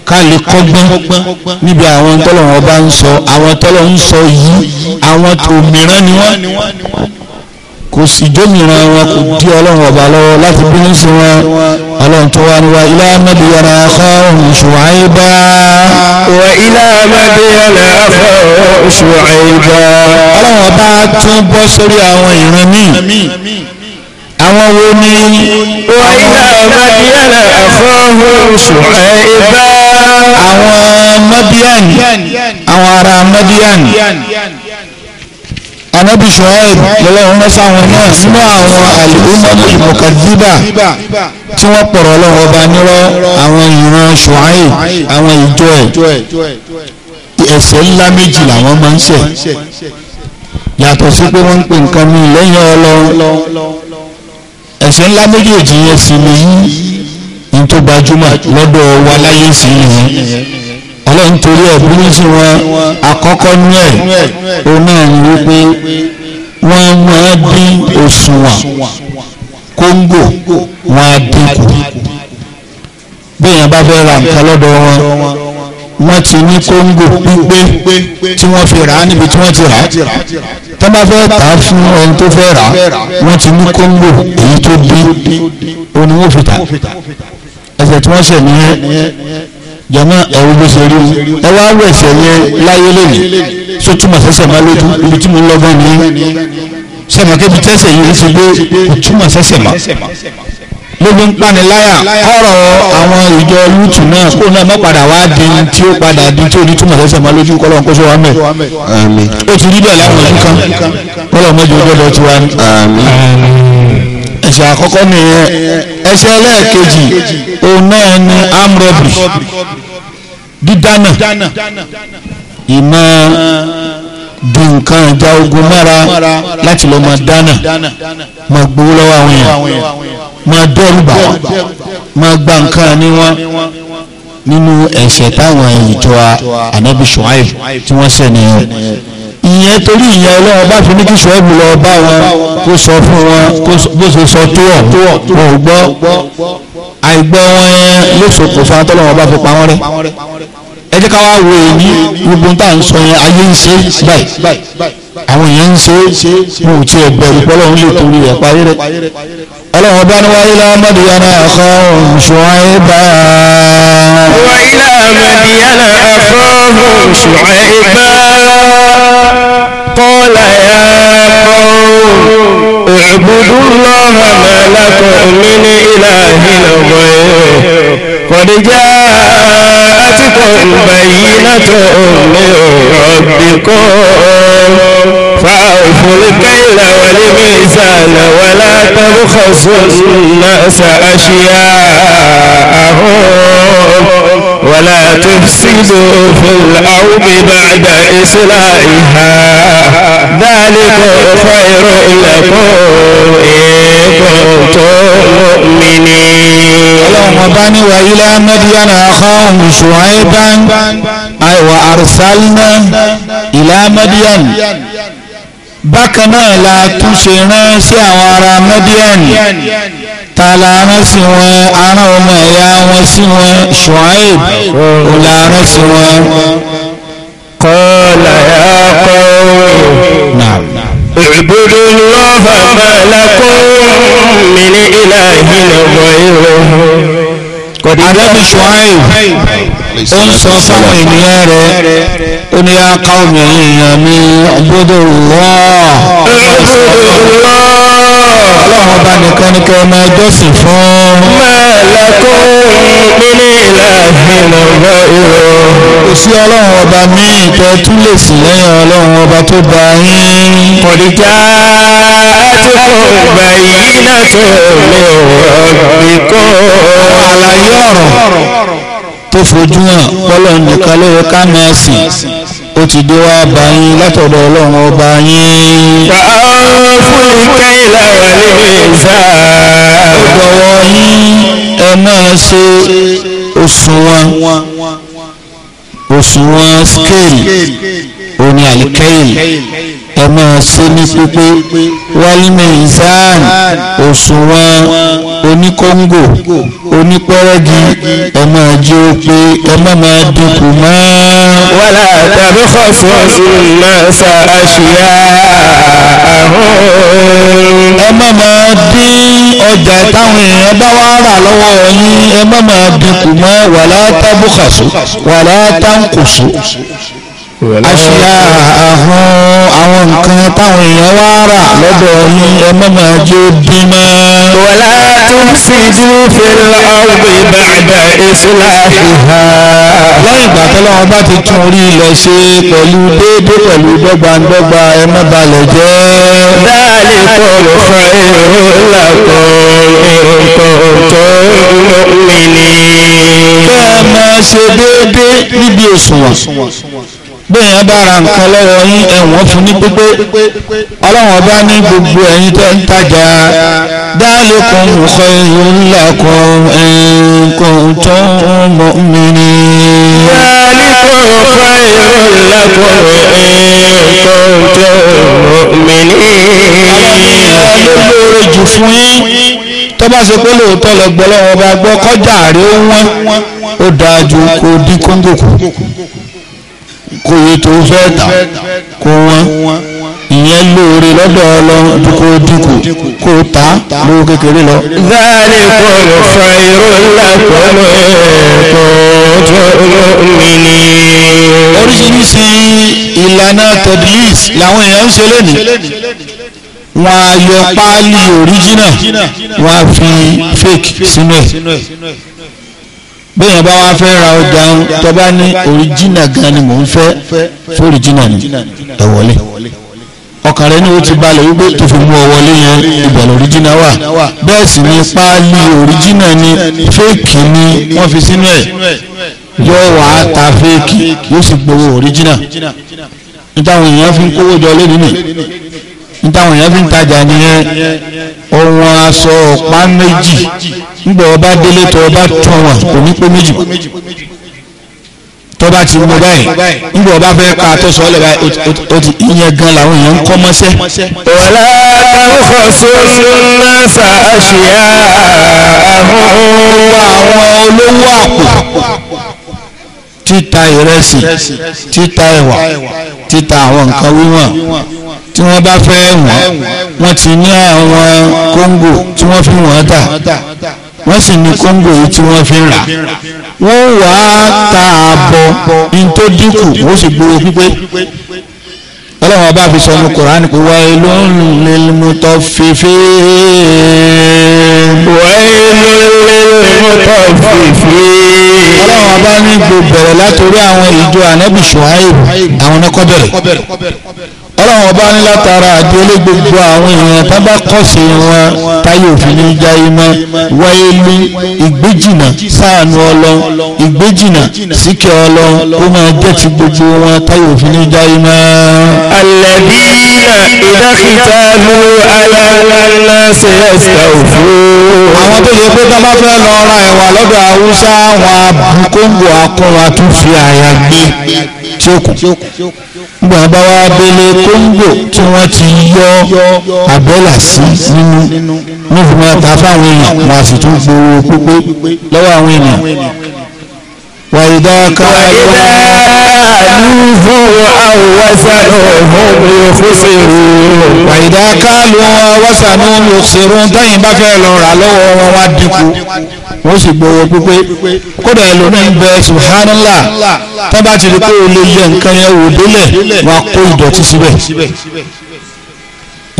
Speaker 2: ká lè kọ́gbọ́n níbi àwọn tọ́lọ́run ọba ń sọ àwọn tọ́lọ́run ń sọ yìí àwọn tòmíràn ni wọ́n kò sì jómìnira wọn kò dí ọlọ́run ọba lọ́wọ́ láti bínú sí wọn ọlọ́run tó wá ní wa ilá
Speaker 1: Madyana akhahum Shu'ayba. wa ilá Madyana
Speaker 2: akhahum Shu'ayba. ọlọ́run ọba tún bọ́ sórí àwọn ìran míì àwọn wo ni. wa ilá Madyana akhahum Shu'ayba. àwọn Madian àwọn ará Madian anabi shuaib lọ́lọ́run rán sáwọn náà nínú àwọn àlùmọ́tò ìmọ̀kàdíbà tí wọ́n pọ̀rọ̀ ọlọ́run ọba nírọ́ àwọn ìran shuaib àwọn ìjọ ẹ̀ ẹ̀ṣẹ̀ ńlá méjì làwọn máa ń ṣẹ̀ yàtọ̀ sí pé wọ́n ń pè nǹkan mi lẹ́yìn ọlọ́run ẹ̀ṣẹ̀ ńlá méjèèjì yẹn sì nìyí ní tó gbajúmọ̀ lọ́dọ̀ wa láyé sí nìyẹn ọlọ́run torí ẹ̀ bínú sí wọn àkọ́kọ́ ní ẹ̀ òun náà ni wípé wọ́n máa dín òṣùwọ̀n kóńgò wọn á dínkù bí èèyàn bá fẹ́ ra nǹkan lọ́dọ̀ wọn wọ́n ti ní kóńgò pípé tí wọ́n fi rà á níbi tí wọ́n ti rà á tó bá fẹ́ tà á fún ẹni tó fẹ́ rà á wọ́n ti ní kóńgò èyí tó dín òun wọ́n fi tà ẹsẹ̀ tí wọ́n ṣẹ̀ nìyẹn jama ẹ̀rù bó ṣe rí o ẹ wá wọ ẹsẹ̀ yẹn láyé lónìí tó túmọ̀ sẹ́sẹ̀ má lójú ibi tí mo ń lọ́gbọ́n ní sẹ́mọ̀ kébi tẹ́sẹ̀ yìí ti gbé kò túmọ̀ sẹ́sẹ̀ má lójú ń paniláyà ọ̀rọ̀ àwọn ìjọ lútù náà kó náà má padà wá di tí ó padà di tí ó di túmọ̀ sẹ́sẹ̀ má lójú kọ́lọ́ ń kó sọ wá mẹ́ ó ti rí bẹ́ẹ̀ láwọn ìlú kan kọ́lọ́ mọ́jọ́ ọjọ́ dọ̀ ti wá ní ẹ̀ṣẹ̀ àkọ́kọ́ nìyẹn ẹ̀ṣẹ̀ ẹlẹ́ẹ̀kejì òun náà ni amrobri dídánà ìmọ̀ bí nǹkan ìjà ogun mára láti lọ máa dáná máa gbowó lọ́wọ́ àwọn èèyàn máa dẹ́rù bà wọ́n máa gba nǹkan ní nínú ẹ̀ṣẹ̀ táwọn ìjọ ànábì Ṣuaib tí wọ́n ṣẹ̀ nìyẹn ìyẹn torí ìyẹn ọlọ́run bá fi ní kí ṣọ́ọ́bù lọ bá wọn kó sọ fún wọn bó ṣe sọ tó ọ̀ wọn ò gbọ́ àìgbọ́ wọn yẹn ló ṣokùnfà tọ́lọ́run bá fi pa wọ́n rẹ́ ẹ jẹ́ ká wá wo èyí gbogbo tá à ń sọ yẹn ayé ń ṣe báyìí àwọn èèyàn ń ṣe wọn ò tiẹ̀ bẹ̀rù pé Ọlọ́run lè torí ẹ̀ parí rẹ̀ ọlọ́run bá ní wá ilá mọ́díyànà àkọ́hùn ṣùáìbá
Speaker 1: wá ilá mọ́díyànà àkọ́hùn ṣùáìbá kọ́lá yá kọ́hùn اعبدوا الله ما لكم من إله غيره قد جاءتكم بينة من ربكم فأوفوا الكيل والميزان ولا تبخسوا الناس أشياءهم ولا تفسدوا في الأرض بعد إصلاحها ذلك خير لكم
Speaker 2: إن كنتم مؤمنين وإلى مدين أخاهم شعيبا وأرسلنا أيوة، إلى مدين bákan náà la tún ṣe rán sí àwọn ará mẹ́díẹ̀nì tààlà rán sí wọn ará ọmọ ẹ̀yà wọn sí
Speaker 1: wọn ṣùáìb ò la rán sí wọn. kọ́ọ̀lá yà kọ́ اعبدوا الله ما لكم من إله غيره Ànábì Ṣuaib ó ń sọ fáwọn ènìyàn rẹ̀ ó ní yá ká omi ẹ̀yìn èèyàn mi ọgbọ́dọ̀ wọ́ ọlọ́run ọba nìkan ni kẹ́ ẹ máa jọ́sìn fún. mẹ́lẹ̀kọ́ nínú ìlànà ọ̀rọ̀ ìrọ̀. kò sí ọlọ́run ọba míì tẹ́ tún lè sìn lẹ́yìn ọlọ́run ọba tó bá yín. kọ̀díjà bayinatun min rabbikum. àlàyé
Speaker 2: ọ̀rọ̀ tó fojú hàn bọ́lọ̀ nìkan ló ká máa sìn ó ti dé wá bá yín látọ̀dọ̀ ọlọ́run ọba yín. fún ike ìlàwọ̀ lè sá. ó yín ẹ máa ṣe òṣùwọ̀n òṣùwọ̀n scale òní àlìkẹ́yìn ẹ máa ṣe ní pípé wálímẹ̀ ìsáàn òṣùwọ̀n oníkóńgò onípẹ́rẹ́gì ẹ máa jẹ́ ó pé ẹ má máa dínkù mọ́. wàlá tàbí kọ̀ọ̀fọ̀ sí náà sa àṣìyá àrùn. ẹ má máa dín ọjà táwọn èèyàn bá wá rà lọ́wọ́ yín ẹ má máa dínkù mọ́ wàlá tábùkàṣù wàlá táǹkùṣù àṣìyá àrùn àwọn nǹkan táwọn èèyàn wá rà lọ́dọ̀ yín ẹ má máa
Speaker 1: jó bímọ. wàlá tún sí dúfẹ́ ọ̀gbìn bàdà ìsúláhìhà. lẹ́yìn ìgbà tó lọ́wọ́ bá ti tún orí ilẹ̀ ṣe pẹ̀lú déédéé pẹ̀lú dọ́gbandọ́gba ẹ má balẹ̀ jẹ́. dáàlì kọ̀ọ̀rọ̀ fún èrò làkọ̀ nǹkan tó bẹ́ẹ̀
Speaker 2: máa ṣe déédéé níbi òṣùwọ̀n bẹ́ẹ̀ yẹn bá ra nǹkan lọ́wọ́ yín ẹ̀wọ̀n fún ní pípé ọlọ́wọ́n bá ní gbogbo ẹ̀yin tẹ́ ń tajà dálékun nǹkan ìrúnlẹ̀kùn nǹkan tó
Speaker 1: ń mọ̀ mí ni. dálékun nǹkan ìrúnlẹ̀kùn nǹkan tó ń mọ̀ mí ni. ló lóore
Speaker 2: jù fún yín tó bá ṣe pé lóòótọ́ lọ gbọ́ lọ́wọ́ bá gbọ́ kọjá rẹ̀ ó ó dáa ju kó dín kóńgò kù kó iye tó fẹ́ tà kó wọ́n ìyẹn lóore lọ́dọ̀ ọlọ́run tó kó dínkù kó ta lówó kékeré lọ. dáàlì kọlù fàìrò lápọ̀lọ́ ẹ̀kọ́ mi ni. oríṣiríṣi ìlànà tedlis làwọn èèyàn ń ṣe lónìí wọ́n á yọ páálí òríjínà wọ́n á fi fake sínú ẹ̀ bẹ́ẹ̀ bá wá fẹ́ ra ọjà ń tọ́ba ní oríjìnà gan ni mò ń fẹ́ fóríjìnà ni ẹ wọlé ọkàn rẹ ní o ti balẹ̀ wípé tó fi mú ọ wọlé yẹn ibẹ̀ lóríjìnà wà bẹ́ẹ̀ sì ni páálí oríjìnà ni fẹ́ẹ̀kì ni wọ́n fi sínú ẹ̀ yóò wá ta fẹ́ẹ̀kì yóò sì gbowó oríjìnà nítawọn èèyàn fi ń kówó jọ lé nínú nítawọn èèyàn fi ń tajà nìyẹn ohun aṣọ ọ̀pá méjì nígbà ọba délé tó ọba tán wọn kò ní pé méjì tọ́ba ti mú báyìí nígbà ọba fẹ́ ká tó sọ ọ́ lẹ́ba ìyẹn gan làwọn èèyàn ń kọ́ mọ́sẹ́. wàlá táwọn sọ́ọ́nù
Speaker 1: náà ṣàṣìyà àwọn olówó àpò
Speaker 2: títa ìrẹsì títa ẹ̀wà títa àwọn nǹkan wíwọ̀n tí wọ́n bá fẹ́ wọ̀n wọ́n ti ní àwọn kóńgò tí wọ́n fi wọ́n tà wọ́n sì ní kóńgò yìí tí wọ́n fi ń rà wọ́n wà á ta àbọ̀ ní tó dínkù wọ́n sì gbowó pípé ọlọ́run ọba fi sọ ní kùránì pé wailun lil mutaffifin. wailun lil mutaffifin. ọlọ́run ọba ní gbogbo bẹ̀rẹ̀ látòrí àwọn ìjọ ànábì Ṣuaibu àwọn ọkọ bẹ̀rẹ̀ ọlọ́run ọba ní látara àdéhùn gbogbo àwọn èèyàn tá bá kọ́sì wọn táyé òfin ní já iná wáyé lé ìgbéjìnà sáànù ọlọ ìgbéjìnà síkẹ ọlọ ó máa jẹ́ ti gbogbo wọn táyé òfin ní já iná. alẹ́bí ìdákìtà lu alálàlá ṣe ẹ̀ṣẹ̀ òfin àwọn tó yẹ pé tọ́ba fẹ́ lọ ra ẹ̀wà lọ́dọ̀ haúsá àwọn abukóńgò akọ́wà tún fi àyà gbé tí ó kù gbà bá wá abẹ́lé kóńgò tí wọ́n ti yọ àbẹ́là sí nínú nífìmọ́ ta fáwọn èèyàn wọn a sì tún gbowó pípé lọ́wọ́ àwọn èèyàn. وإذا كالوه أو
Speaker 1: وزنوهم
Speaker 2: يخسرون وإذا كالوا وزنوهم يخسرون tẹ́yìn bá fẹ́ lọ rà lọ́wọ́ wọn wá dínkù wọ́n sì gbowó pípé kódà ẹlòmíín bẹ subhanallah tó bá ti rí pé o lè yẹ nǹkan yẹn wò délẹ̀ wàá kó ìdọ̀tí síbẹ̀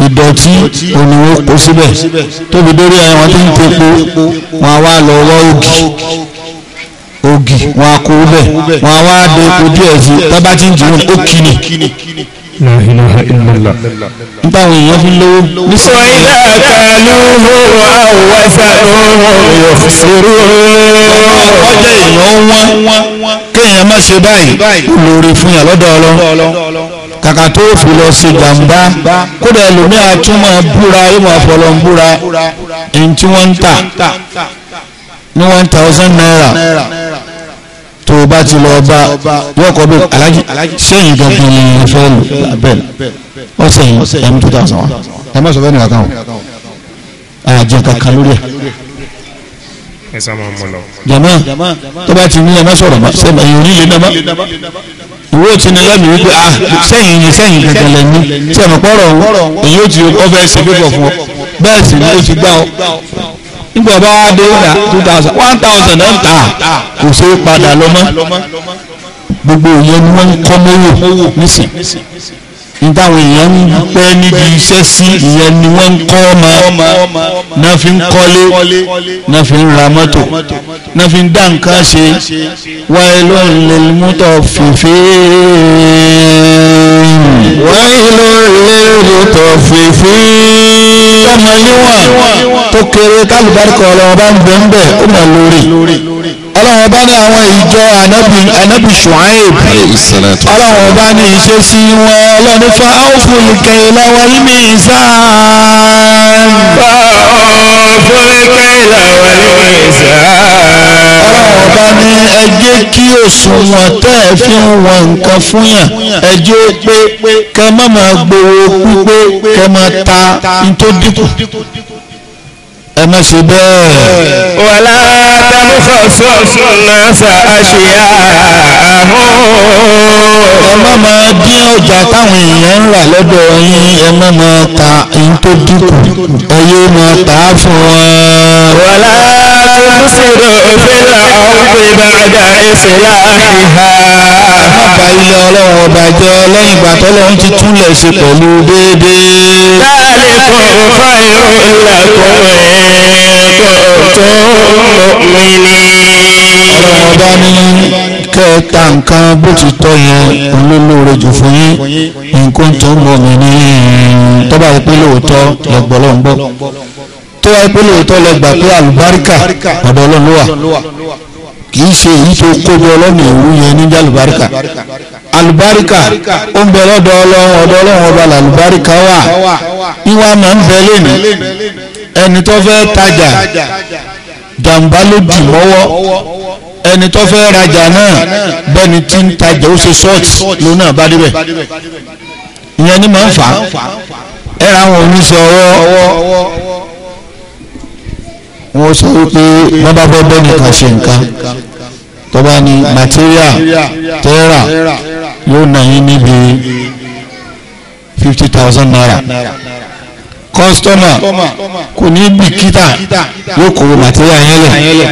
Speaker 2: ìdọ̀tí òníwó kó síbẹ̀ tóbi dórí àwọn tó ń tepo wọn á wá lọ wọ́ ògì. Ogi wọn a kó bẹ wọn a wá do epo díẹ̀ sí bábá tí ń jùlọ ó kíni. La ilaha illallah. n táwọn èèyàn fi lówó. sọ ilé àkàlùmọ́ àwọn ìsàlùmọ́ yòfòrò. ọjọ́ èèyàn wọ́n kéèyàn má ṣe báyìí ó fún yàn lọ́dọ̀ ọlọ́ kàkà tó fi lọ sí jàǹbá kódà ẹlòmíà tún búra ìmọ̀ ọ̀pọ̀lọ̀ ń búra ẹni tí wọ́n ń tà ní one thousand naira
Speaker 3: tó o bá ti lọ bá yóò kọ́ bí alájí sẹ́yìn gangan ni ẹ
Speaker 2: fẹ́ lò bẹ́ẹ̀ ọ sẹ́yìn ẹ̀mí two thousand one ẹ má sọ fẹ́ nìkan kan o àjẹ kankan lórí
Speaker 1: ẹ. jama tó bá ti ní ẹ má sọ̀rọ̀ ma sẹ́yìn ẹ̀yìn onílé náà má
Speaker 2: ìwé òtún ni lẹ́nu wípé a ah, sẹ́yìn ni sẹ́yìn kankan lẹ́nu sẹ́yìn pọ̀rọ̀ òun èyí ó ti ọbẹ̀ ṣe pípọ̀ fún ọ bẹ́ẹ̀ sì ni ó ti gbá ọ nígbà bá wá dé ìgbà two thousand one thousand náà ta kò ṣe é padà lọ mọ́ gbogbo ìyẹn ni wọ́n ń kọ́ mọ́wò nísìn nítawọn èèyàn ń pẹ́ níbi iṣẹ́ sí ìyẹn ni wọ́n ń kọ́ ọmọ náà fi ń kọ́lé náà fi ń ra mọ́tò náà fi ń dá nǹkan ṣe wáyé ló ń lè fèfé. wáyé ló ń lè fèfé tọmọ níwọ̀n tó kéré tálùbáríkọ ọlọ́wọ́ bá ń bẹ ń bẹ ó mọ̀ lórí ọlọ́run ọba ní àwọn ìjọ anabi Shuaib
Speaker 1: ọlọ́run
Speaker 2: ọba ní ìṣe sí
Speaker 1: wọn ọlọ́run fa áwòfún ìkẹ́ ìlàwọ̀ ìmì ìsáàn. fa áwòfún ìkẹ́ ìlàwọ̀ ìmì ìsáàn. ọlọ́run ọba
Speaker 2: ní ẹ jẹ́ kí òṣùwọ̀n tẹ́ ẹ fi ń wọn nǹkan fún yàn ẹ jẹ́ pé kẹ́ má máa gbowó pípé kẹ́ máa ta ní tó dínkù ẹ má ṣe bẹ́ẹ̀. wàlá tamukọ sọ́ọ̀nà sa àṣeyà ahọ́n. ẹ má máa dín ọjà táwọn èèyàn ń rà lọ́dọ̀ yín ẹ má máa ta ẹni tó dínkù ẹ yé
Speaker 1: máa tà á fún wọn. wàlá. تبصروا في الأرض بعد إصلاحها àbá ilé ọlọ́run ọba jẹ́ lẹ́yìn ìgbà tọ́lọ́run ti túlẹ̀ ṣe pẹ̀lú خير لكم كنتم مؤمنين.
Speaker 2: ọlọ́run kẹta nǹkan bó ti tọ́ yẹn olólóore jù fún yín nǹkan tó ń mọ̀ mí ní tọ́ba ìpínlẹ̀ òótọ́ lọ́gbọ́lọ́ tó wáyé pé lóòótọ́ lẹ gbà pé àlùbáríkà ọ̀dọ̀ ọlọ́run ló wà kì í ṣe èyí tó kóbi ọlọ́run èrú yẹn níjà àlùbáríkà àlùbáríkà ó ń bẹ lọ́dọ̀ ọlọ́run ọ̀dọ̀ ọlọ́run ọba làlùbáríkà wà wíwá máa ń bẹ lẹ́nu
Speaker 3: ẹni tó fẹ́ tajà
Speaker 2: jàǹbá ló dì mọ́wọ́ ẹni tó fẹ́ rajà náà bẹ́ni tí ń tajà ó ṣe ṣọ́ọ̀tì lónà bá débẹ̀ ìyẹn ni máa ń fà á ẹ̀ra àwọn oníṣẹ́ ọwọ́ wọ́n sọ wípé wọ́n bá bẹ́ẹ̀ bẹ́ẹ̀ nìkan ṣe nǹkan tó bá ní material tẹ́rà yóò nà yín níbi fifty thousand naira customer, kò ní bìkítà yóò kó material yẹn lẹ̀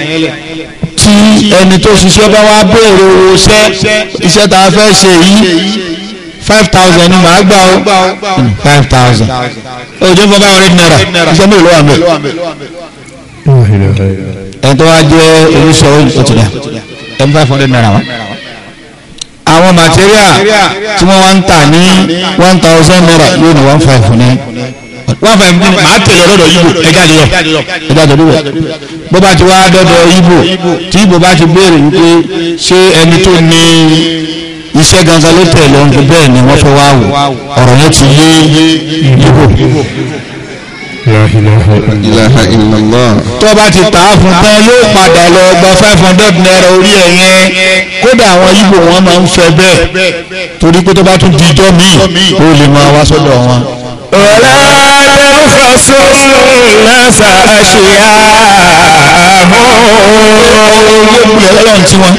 Speaker 2: tí ẹni tó ṣiṣẹ́ bá wá béèrè owó iṣẹ́ iṣẹ́ tá a fẹ́ ṣe yìí five thousand ni màá gbà ó hmm, five thousand ọjọ́ bọ́ bá hundred naira iṣẹ́ mélòó wà mẹ́ ẹni tó wá jẹ́ oníṣẹ́ òtútà ẹni five hundred naira wa àwọn màtíríà tí wọ́n wá ń tà ní one thousand naira yóò ní one five ní one five ní màá tẹ̀lé ọlọ́dọ̀ ibo ẹ̀ka àdìyọ ẹ̀ka àdìyọ bó bá ti wá dọ́dọ̀ ibo tí ibo bá ti béèrè wípé ṣé ẹni tó ní iṣẹ́ gangan ló tẹ̀lé ọ̀hún bẹ́ẹ̀ ni wọ́n fẹ́ wá wò ọ̀rọ̀ yẹn ti yé ibo
Speaker 1: ilaha illallah. tó bá ti tà á fún tán yóò padà lọ gba five
Speaker 2: hundred naira orí ẹ̀ yẹn kódà àwọn ibo wọn máa ń fẹ́ bẹ́ẹ̀ torí pé tó bá tún di ijọ́ míì ó lè máa wá sọ́dọ̀ wọn. ọ̀la tẹ́lifásún lẹ́sà àṣeyà mọ́. owó lọ́lọ́run tí wọ́n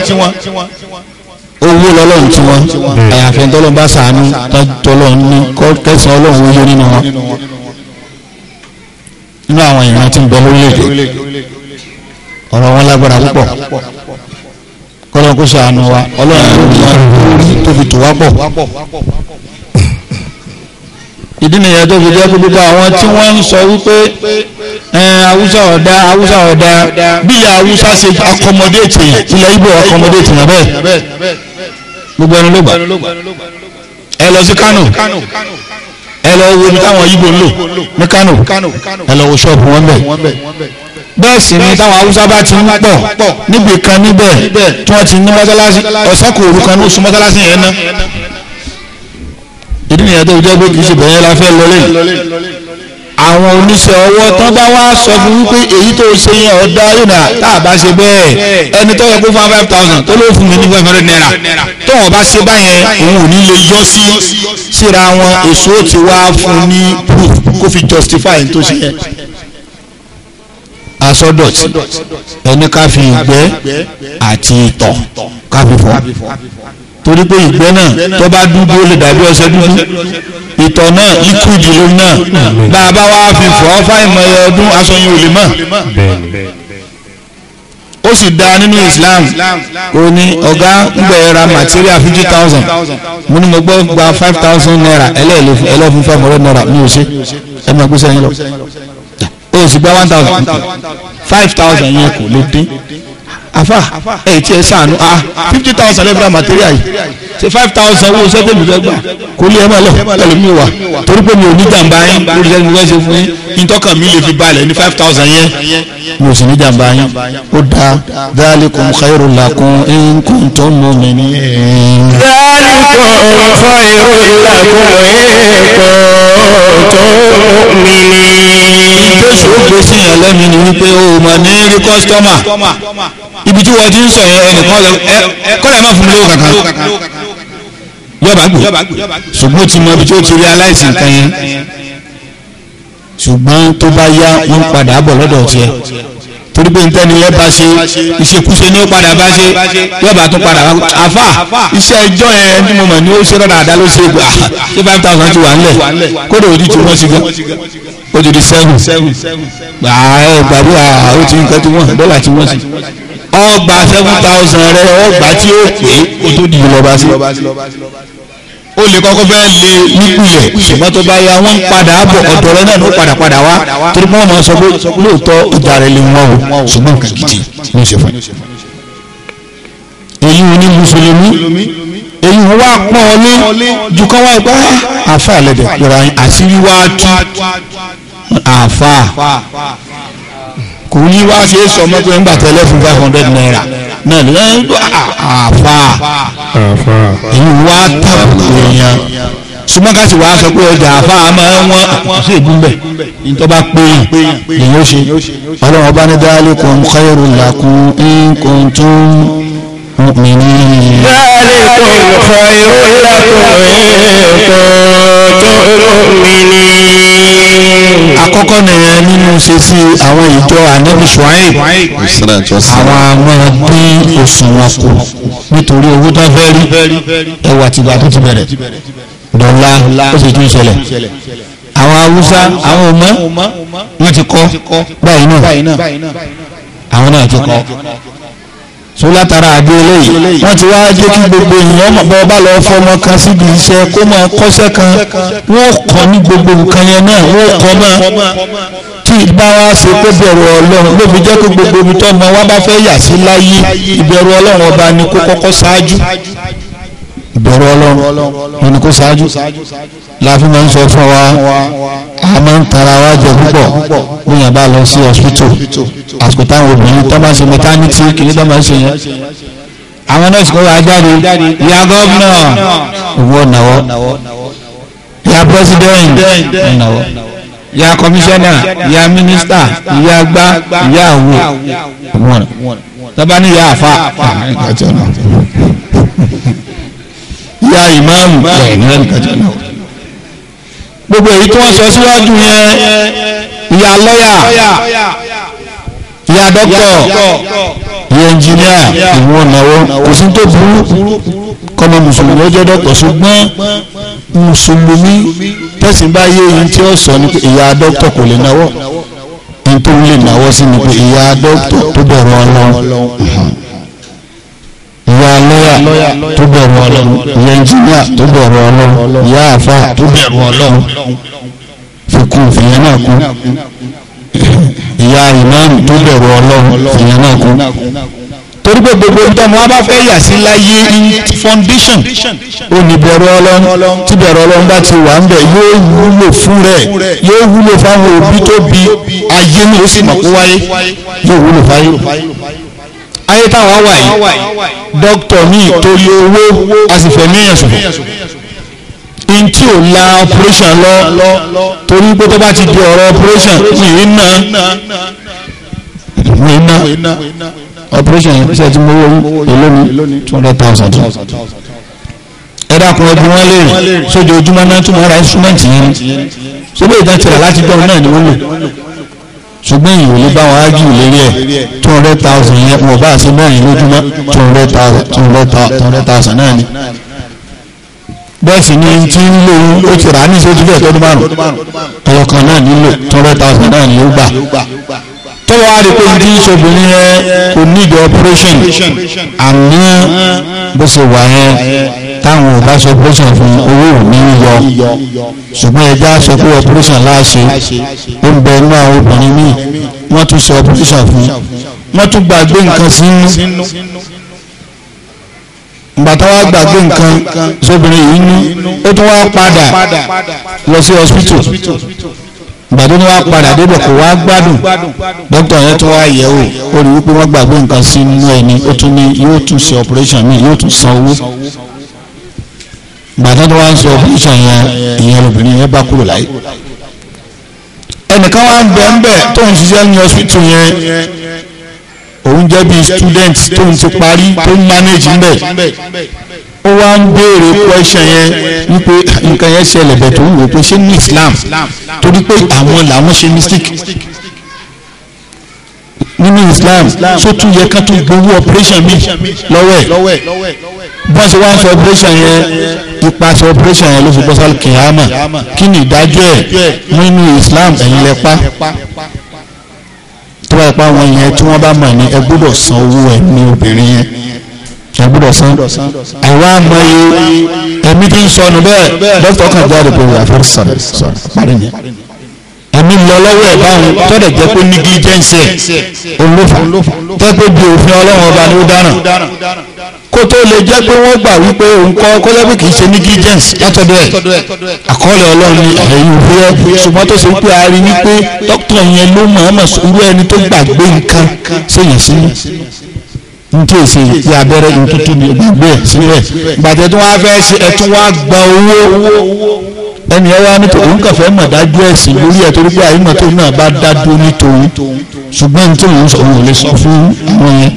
Speaker 2: owó lọ́lọ́run tí wọ́n àyàfẹ́ tọ́lọ́ bá sàánú tọ́lọ́ ní kẹsàn-án ọlọ́run ó yọ nínú wọn nínú àwọn ìran tí ń bẹ lórílẹ̀-èdè
Speaker 3: ọ̀rọ̀ wọn lágbára púpọ̀
Speaker 2: kọ́lọ́n kó ṣàánú wa ọlọ́run ló mọ orí tóbi tó wá pọ̀ ìdí nìyẹn tó fi jẹ́ pé gbogbo àwọn tí wọ́n ń sọ wípé awúsá ọ̀dá awúsá ọ̀dá bí awúsá ṣe accommodate ilẹ̀ Ìgbò accommodate náà bẹ́ẹ̀ gbogbo ẹni ló gbà ẹ lọ sí Kánò ẹ lọ wo ibi táwọn yíbo ń lò ní Kano ẹ lọ wo ṣọ́ọ̀bù wọn bẹ̀ bẹ́ẹ̀ sì ni táwọn haúsá bá ti ń pọ̀ níbi kan níbẹ̀ tí wọ́n ti ní mọ́tálásí ọ̀sán kò òru kan ní oṣù mọ́tálásí yẹn ná ìdí nìyẹn tó jẹ́ pé kì í ṣe bẹ̀yẹn la fẹ́ lọ lẹ́yìn àwọn oníṣẹ́ ọwọ́ tán bá wá sọ fún wípé èyí tó ṣe yẹn ọ̀dá yóná tá a bá ṣe bẹ́ẹ̀ ẹni tó yẹ kó fún five thousand tó ló fún mi ní five hundred naira tó wọn bá ṣe báyẹn òun ò ní lè yọ sí síra wọn èso ti wá fún ní proof kó fi justify tó ṣe yẹn asọdọtì ẹni ká fi ìgbẹ́ àti ìtọ̀ ká fi fọ̀ torí pé ìgbẹ́ náà tó bá dúdú ó lè dàbí ọṣẹ dúdú ìtọ̀ náà ikú ìdìlú náà bá a bá wá fi fọ́ fáìmọye ọdún aṣọ yẹn ò
Speaker 3: lè
Speaker 2: ó sì dá nínú Islam ó ní ọ̀gá ń bẹ̀rẹ̀ ra material fifty thousand mo ní mo gbọ́ gba five thousand naira ẹlẹ́ẹ̀lẹ́fún ẹlẹ́fún five hundred naira mi ò ṣe ẹ máa gbé sẹ́yìn lọ ó sì gba one thousand five thousand yẹn kò lè dín afa ẹ tiẹ sànù ah? fifty thousand ẹ fura material yìí ṣe five thousand owó sẹ́tẹ̀ mi fẹ́ gbà kò ní ẹ má lọ pẹ̀lú mi wà torí pé mi ò ní jàǹbá yín lórí sẹ́tẹ̀ mi fẹ́ ṣe fún yín ntọ́kàn mi lè fi balẹ̀ ní five thousand yẹn mi ò sì ní jàǹbá yín ó da dhalikum khairul lakum in kuntum mu'minin. dhalikum khairul lakum in kuntum mu'minin. ìgbésùn ó gbèsè yẹn lẹ́mìí ni wípé o ò mọ̀ ní rí kọ́sítọ́mà ibi tí wọ́n ti ń sọ yẹn ẹnìkan lọ ẹ kọ́lá ẹ má fún mi lówó kankan yọba gbò ṣùgbọ́n ti mọ ibi tí ó ti rí aláìsàn nǹkan yẹn ṣùgbọ́n tó bá yá wọ́n padà bọ̀ lọ́dọ̀ tiẹ̀ torí pé ntẹ́ni yẹn bá ṣe ìṣekúṣe ni ó padà bá ṣe yọba tún padà wá àfà iṣẹ́ ẹjọ́ yẹn ni mo mọ̀ ní ó ṣe rọ̀dà àdá ló ṣe gbà ṣé five thousand ti wà ńlẹ̀ kódà òdi tí wọ́n ti gan ó ti di seven gbàgbé àwọn ó ti nǹkan tí wọ́n dọ́là tí wọ́n ti ọgbà seven thousand rẹ ọgbà tí ó pé kó tó di ìlọba sí o lè kọ́kọ́ fẹ́ lé nípìnlẹ̀ ṣùgbọ́n tó bá yá wọ́n ń padà bọ̀ ọ̀dọ̀ rẹ náà ló padà padà wá torí wọ́n máa sọ pé lóòótọ́ ìjà rẹ lè wọ́n o ṣùgbọ́n nǹkan gidi ló ṣe fún èyí wọn ní mùsùlùmí èyí wọn wá pọ́n ọ lé ju kán wá ipá ah, àfa àlẹ́ dẹ̀ pẹ̀lú àṣírí wá tú àfa kò ní wá ṣe é sọ mọ́tò ń gbàtẹ́ lẹ́fún five hundred naira náà lẹ́yìn àfa èyí wá tàbùkù èèyàn sumaka ti wàá sọ pé ọjà àfa àmọ́ wọn ṣe ìgúnbẹ̀ ìtọ́ba péyìn èyí ọlọ́run ọba ní dáálé kò ń kọ́ èrò làkún ń kò ń tún. مؤمنين ذلكم خير لكم إن
Speaker 1: كنتم مؤمنين àkọ́kọ́ nìyẹn nínú ṣe
Speaker 2: sí àwọn ìjọ ànábì Ṣuaib àwọn àmọ́ dín òṣùwọ̀n kù nítorí owó tó fẹ́ rí àwọn haúsá àwọn ọmọ wọn ti kọ́ báyìí náà àwọn náà ti kọ́
Speaker 3: tó látara àgbé eléyìí wọ́n ti wá jẹ́ kí gbogbo èèyàn mọ̀ bọ́ bá lọ fọmọ kan síbi iṣẹ́ kó mọ
Speaker 2: kọ́ṣẹ́ kan wọ́n kọ́ ní gbogbo nǹkan yẹn náà wọ́n kọ́ mọ́ tí ìbá wa ṣe pé bẹ̀rù ọlọ́run ló fi jẹ́ kó gbogbo omi tó ọmọ wa bá fẹ́ yà sí láyé ìbẹ̀rù ọlọ́run ọba ni kó kọ́kọ́ ṣáájú ìbẹ̀rù ọlọ́run lónìí kó ṣáájú láàfin máa ń sọ fún wa a máa ń tara wa jẹ púpọ̀ bóyá bá lọ sí hospital àsìkò táwọn obìnrin tó bá ń ṣe mẹtánítì kìíní tó bá ń ṣe yẹn àwọn nọ́ọ̀sì kan wà jáde ìyá gọ́ọ̀nà owó nàwọ́ ìyá pírẹ́sìdẹ́ǹtì nàwọ́ ìyá kọmíṣánná ìyá mínísítà ìyá gbá ìyá àwò wọn tọ́ba ní ìyá àfa ya ìmáàmù lẹ́yìn nǹkan jẹ́ náà gbogbo èyí tí wọ́n sọ síwájú yẹn ìyá lọ́yà ìyá dọ́kítọ̀ ìyá ẹnjìníà ìwọ̀n náwó kò sí tó burú kọ́mọ mùsùlùmí ó jẹ́ dọ́kítọ̀ ṣùgbọ́n mùsùlùmí tẹ̀sí bá yé eyín tí ó sọ ni pé ìyá dọ́kítọ̀ kò lè náwó ní tó ń lè náwó sí ni pé ìyá dọ́kítọ̀ tó bẹ̀rù ọlọ́run tó bẹ̀rù ọlọ́run ìyẹn ẹnjìníà tó bẹ̀rù ọlọ́run ìyá àfa tó bẹ̀rù ọlọ́run fìkú fìyẹn náà kú ìyá ìmáàmù tó bẹ̀rù ọlọ́run fìyẹn náà kú torí pé gbogbo ìtọ́mọ wa bá fẹ́ yà sí láyé foundation ó ọlọ́run tí bẹ̀rù ọlọ́run bá ti wà ń bẹ̀ yóò wúlò fún rẹ̀ yóò wúlò fáwọn òbí tó bi ayé ni ó sì mọ̀ kó wáyé yóò wúlò fáyé ayé táwọn wà yìí dókítà ní ìtorí owó a sì fẹ̀mí èèyàn ṣòfò in tí ò la operation lọ torí pé tó bá ti di ọ̀rọ̀ operation yìí ná yìí ná operation yìí ṣe ti mú owó èlò ní two hundred thousand ẹ dákun ẹbí wọn léèrè sójoojúmọ́ náà tún mọ́ ra instrument yẹn
Speaker 3: sóbè ìdájọ́ láti dán náà ni wọ́n lò
Speaker 2: ṣùgbọ́n ìwò ló bá wọn ájú lérí ẹ̀ two hundred thousand yẹn wọ́n bá ṣe mẹ́rin lójúmọ́ two hundred thousand two hundred thousand náà ni. bẹ́ẹ̀ sì ni tí ń lò ó ti rà á ní ìṣojú bẹ́ẹ̀ tọ́dún márùn-ún ọ̀yọ̀kan náà nílò two hundred thousand náà ni ó gbà tọ́wọ́ á rí pé ní ìṣòbìnrin yẹn kò ní ìdí operation àmì bó ṣe wà yẹn táwọn ò bá ṣe operation fún owó òní yíyọ ṣùgbọ́n ẹja sọ pé operation láṣẹ ó ń bẹ inú àwọn obìnrin míì wọ́n tún ṣe operation fún wọ́n tún gbàgbé nǹkan sínú gbàtà wa gbàgbé nǹkan sóbìnrin yìí ní ó tún wá padà lọ sí hospital gbàdó ni wá padà débẹ̀ kò wá gbádùn dókítà yẹn tún wá yẹ̀ wò ó rí wípé wọ́n gbàgbé nǹkan sínú ẹni ó tún ní yóò tún ṣe operation míì yóò tún san owó gbàtà tó wá ń sọ fúnṣàn yẹn ìyẹn obìnrin yẹn bá kúrò láyé ẹnìkan wá ń bẹ ń bẹ tó ń ṣiṣẹ́ ní hospital yẹn òun jẹ́ bíi student tó ń ti parí tó ń manage ń bẹ ó wá ń béèrè question yẹn wípé nǹkan yẹn ṣẹlẹ̀ bẹ̀ tó ń wò pé ṣé ní Islam torí pé àwọn làwọn ṣe mistake nínú Islam sótú yẹ ká tó gbowó operation mi lọ́wọ́ ẹ̀ bọ́n ṣe wá ń sọ operation yẹn ipasẹ̀ operation yẹn ló fi bọ́ sálù kìhámà kí ni ìdájọ́ ẹ̀ nínú Islam ẹ̀yin lẹ́pa tó bá ipa wọn yẹn tí wọ́n bá mọ̀ ní ẹ gbọ́dọ̀ san owó ẹ̀ ní obìnrin yẹn ẹ gbọ́dọ̀ san àwa mọ iye ẹ̀mí tí ń sọnù bẹ́ẹ̀ dókítà kan jáde pé wà á fẹ́ sọ̀rọ̀ sọ̀rọ̀ parí ni ẹ̀mí lọ lọ́wọ́ ẹ̀ báwọn tọ́lẹ̀ jẹ́ pé negligence ẹ̀ olófà tẹ́pẹ́ bí òfin ọlọ́run ọba ni ó dáràn kó tó lè jẹ́ pé wọ́n gbà wípé òun kọ́ kọ́lẹ́bù kì í ṣe negligence látọ̀dọ̀ ẹ̀ àkọọ́lẹ̀ ọlọ́run ni ẹ̀yìn òfin ẹ̀ ṣùgbọ́n tó ṣe pé a rí wípé dókítà yẹn ló mọ̀ọ́mọ̀ irú ẹni tó gbàgbé nǹkan séyìn sínú nke èsì ti abẹ́rẹ́ ìtútù ní gbàgbé síbẹ̀ gbàtẹ́ tí wọ́n á fẹ́ ṣe ẹ̀tún wá gba owó ẹni ẹ wá nítorí òun kàfẹ́ mọ̀ dájú ẹ̀sìn lórí ẹ̀ torí pé àyímọ̀ tó náà bá dájú nítorí ṣùgbọ́n ní tí òun sọ òun ò lè sọ fún àwọn yẹn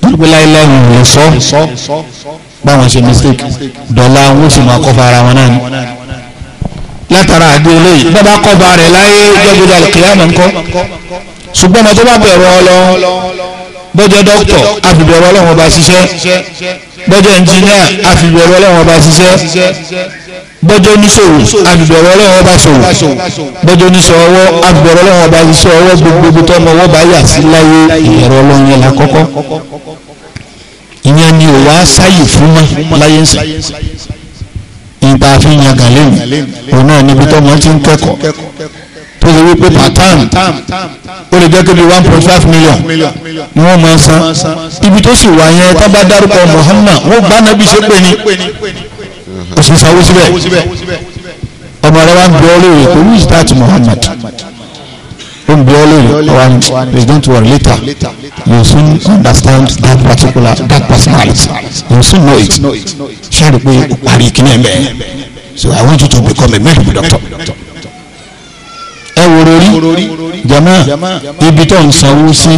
Speaker 2: torí pé láéláé òun ò lè sọ báwọn ṣe mistake dọ̀la wọn ó sì máa kọ́ fara wọn náà ni látara àdé olóyè bàbá kọ́ ba rẹ̀ láyé gbẹ́gbẹ́dà kìlámà ńkọ́ ṣùgbọ́n ọmọ tó bá bẹ̀rù ọ lọ bọ́jọ́ dọ́kítọ̀ àfìbẹ̀rù ọlọ́run ọba ṣiṣẹ́
Speaker 3: bọ́jọ́ ẹnjìníà àfìbẹ̀rù ọlọ́run ọba ṣiṣẹ́
Speaker 2: bọ́jọ́ oníṣòwò àfìbẹ̀rù ọlọ́run ọba ṣòwò bọ́jọ́ oníṣòwò àfìbẹ̀rù ọlọ́run ọba ṣiṣẹ́ ọwọ́ gbogbo tó ọmọ ọwọ́ bá yà sí láyé ìyẹ̀rọ ọlọ́run yẹn la kọ́kọ́ ìyẹn ni ò wá sáyè fún mọ́ láyé ńsà ìgbà fi yan gàlẹ́yìn òun náà níbi tó mọ́ ti ń kẹ́kọ̀ọ́ tó ṣe wípé pàtàkì ó lè jẹ́ tóbi one point five million ni wọ́n máa ń san ibi tó sì wà yẹn tábà dárúkọ Muhammad wọ́n gbá nàbí ṣépè ni kò sì sanwó síbẹ̀ ọmọ rẹ wa ń bẹ ọ lóore kò ní ìsítàtì Muhammad ó ń bẹ ọ lóore ọwọ and please don't worry later you soon understand that particular that personality you soon know it ṣáà rí i pé ó parí kíní ẹ̀ mẹ́ẹ̀ so I want you to become a medical doctor ẹ wòrò rí jama ibi tó ń sanwó sí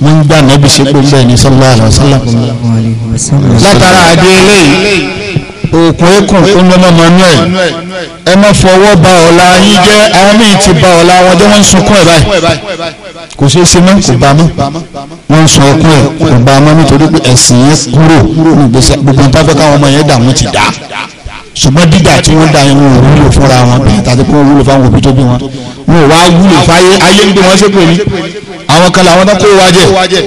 Speaker 2: wọn ń gbà nábì sípò ń bẹ ní sallallahu alaihi wasallam. látara adé eléyìí òkun ekun onímọ̀ manuel ẹ má fọwọ́ ba ọ̀la yín jẹ́ àwọn míì ti ba ọ̀la wọn jẹ́ wọ́n ń sunkún ẹ̀ báyìí kò ṣeé ṣe mọ́ kò bá mọ́ wọ́n ń sun ọkún ẹ̀ kò bá mọ́ nítorí pé ẹ̀sìn yẹn kúrò gbogbo nǹkan tó káwọn ọmọ yẹn dààmú ti dá ṣùgbọ́n dídà tí wọ́n dá wọn ò wúlò fúnra wọn bí àtàtí kó wúlò fáwọn òbí tó bí wọn wọn ò wá wúlò fáyé ayé ń gbé wọn ṣépè ní àwọn kan làwọn náà kó wa jẹ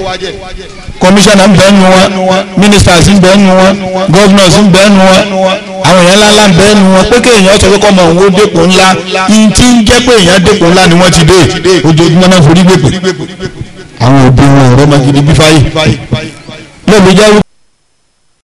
Speaker 2: kọmíṣánná ń bẹ́ẹ̀ nu wọn mínísítàs ń bẹ́ẹ̀ nu wọn gọ́vnọ̀s ń bẹ́ẹ̀ nu wọn àwọn èèyàn ńláńlá ń bẹ́ẹ̀ nu wọn pé kí èèyàn sọ pé òun ó dépò ńlá yín tí ń jẹ́ pé èèyàn dépò ńlá ni wọ́n ti dé ojoojúmọ́ náà forí gbèpè
Speaker 3: àwọn òbí wọn ọ̀rọ̀ máa gidi bí fáyé
Speaker 2: lóògbé jáwé.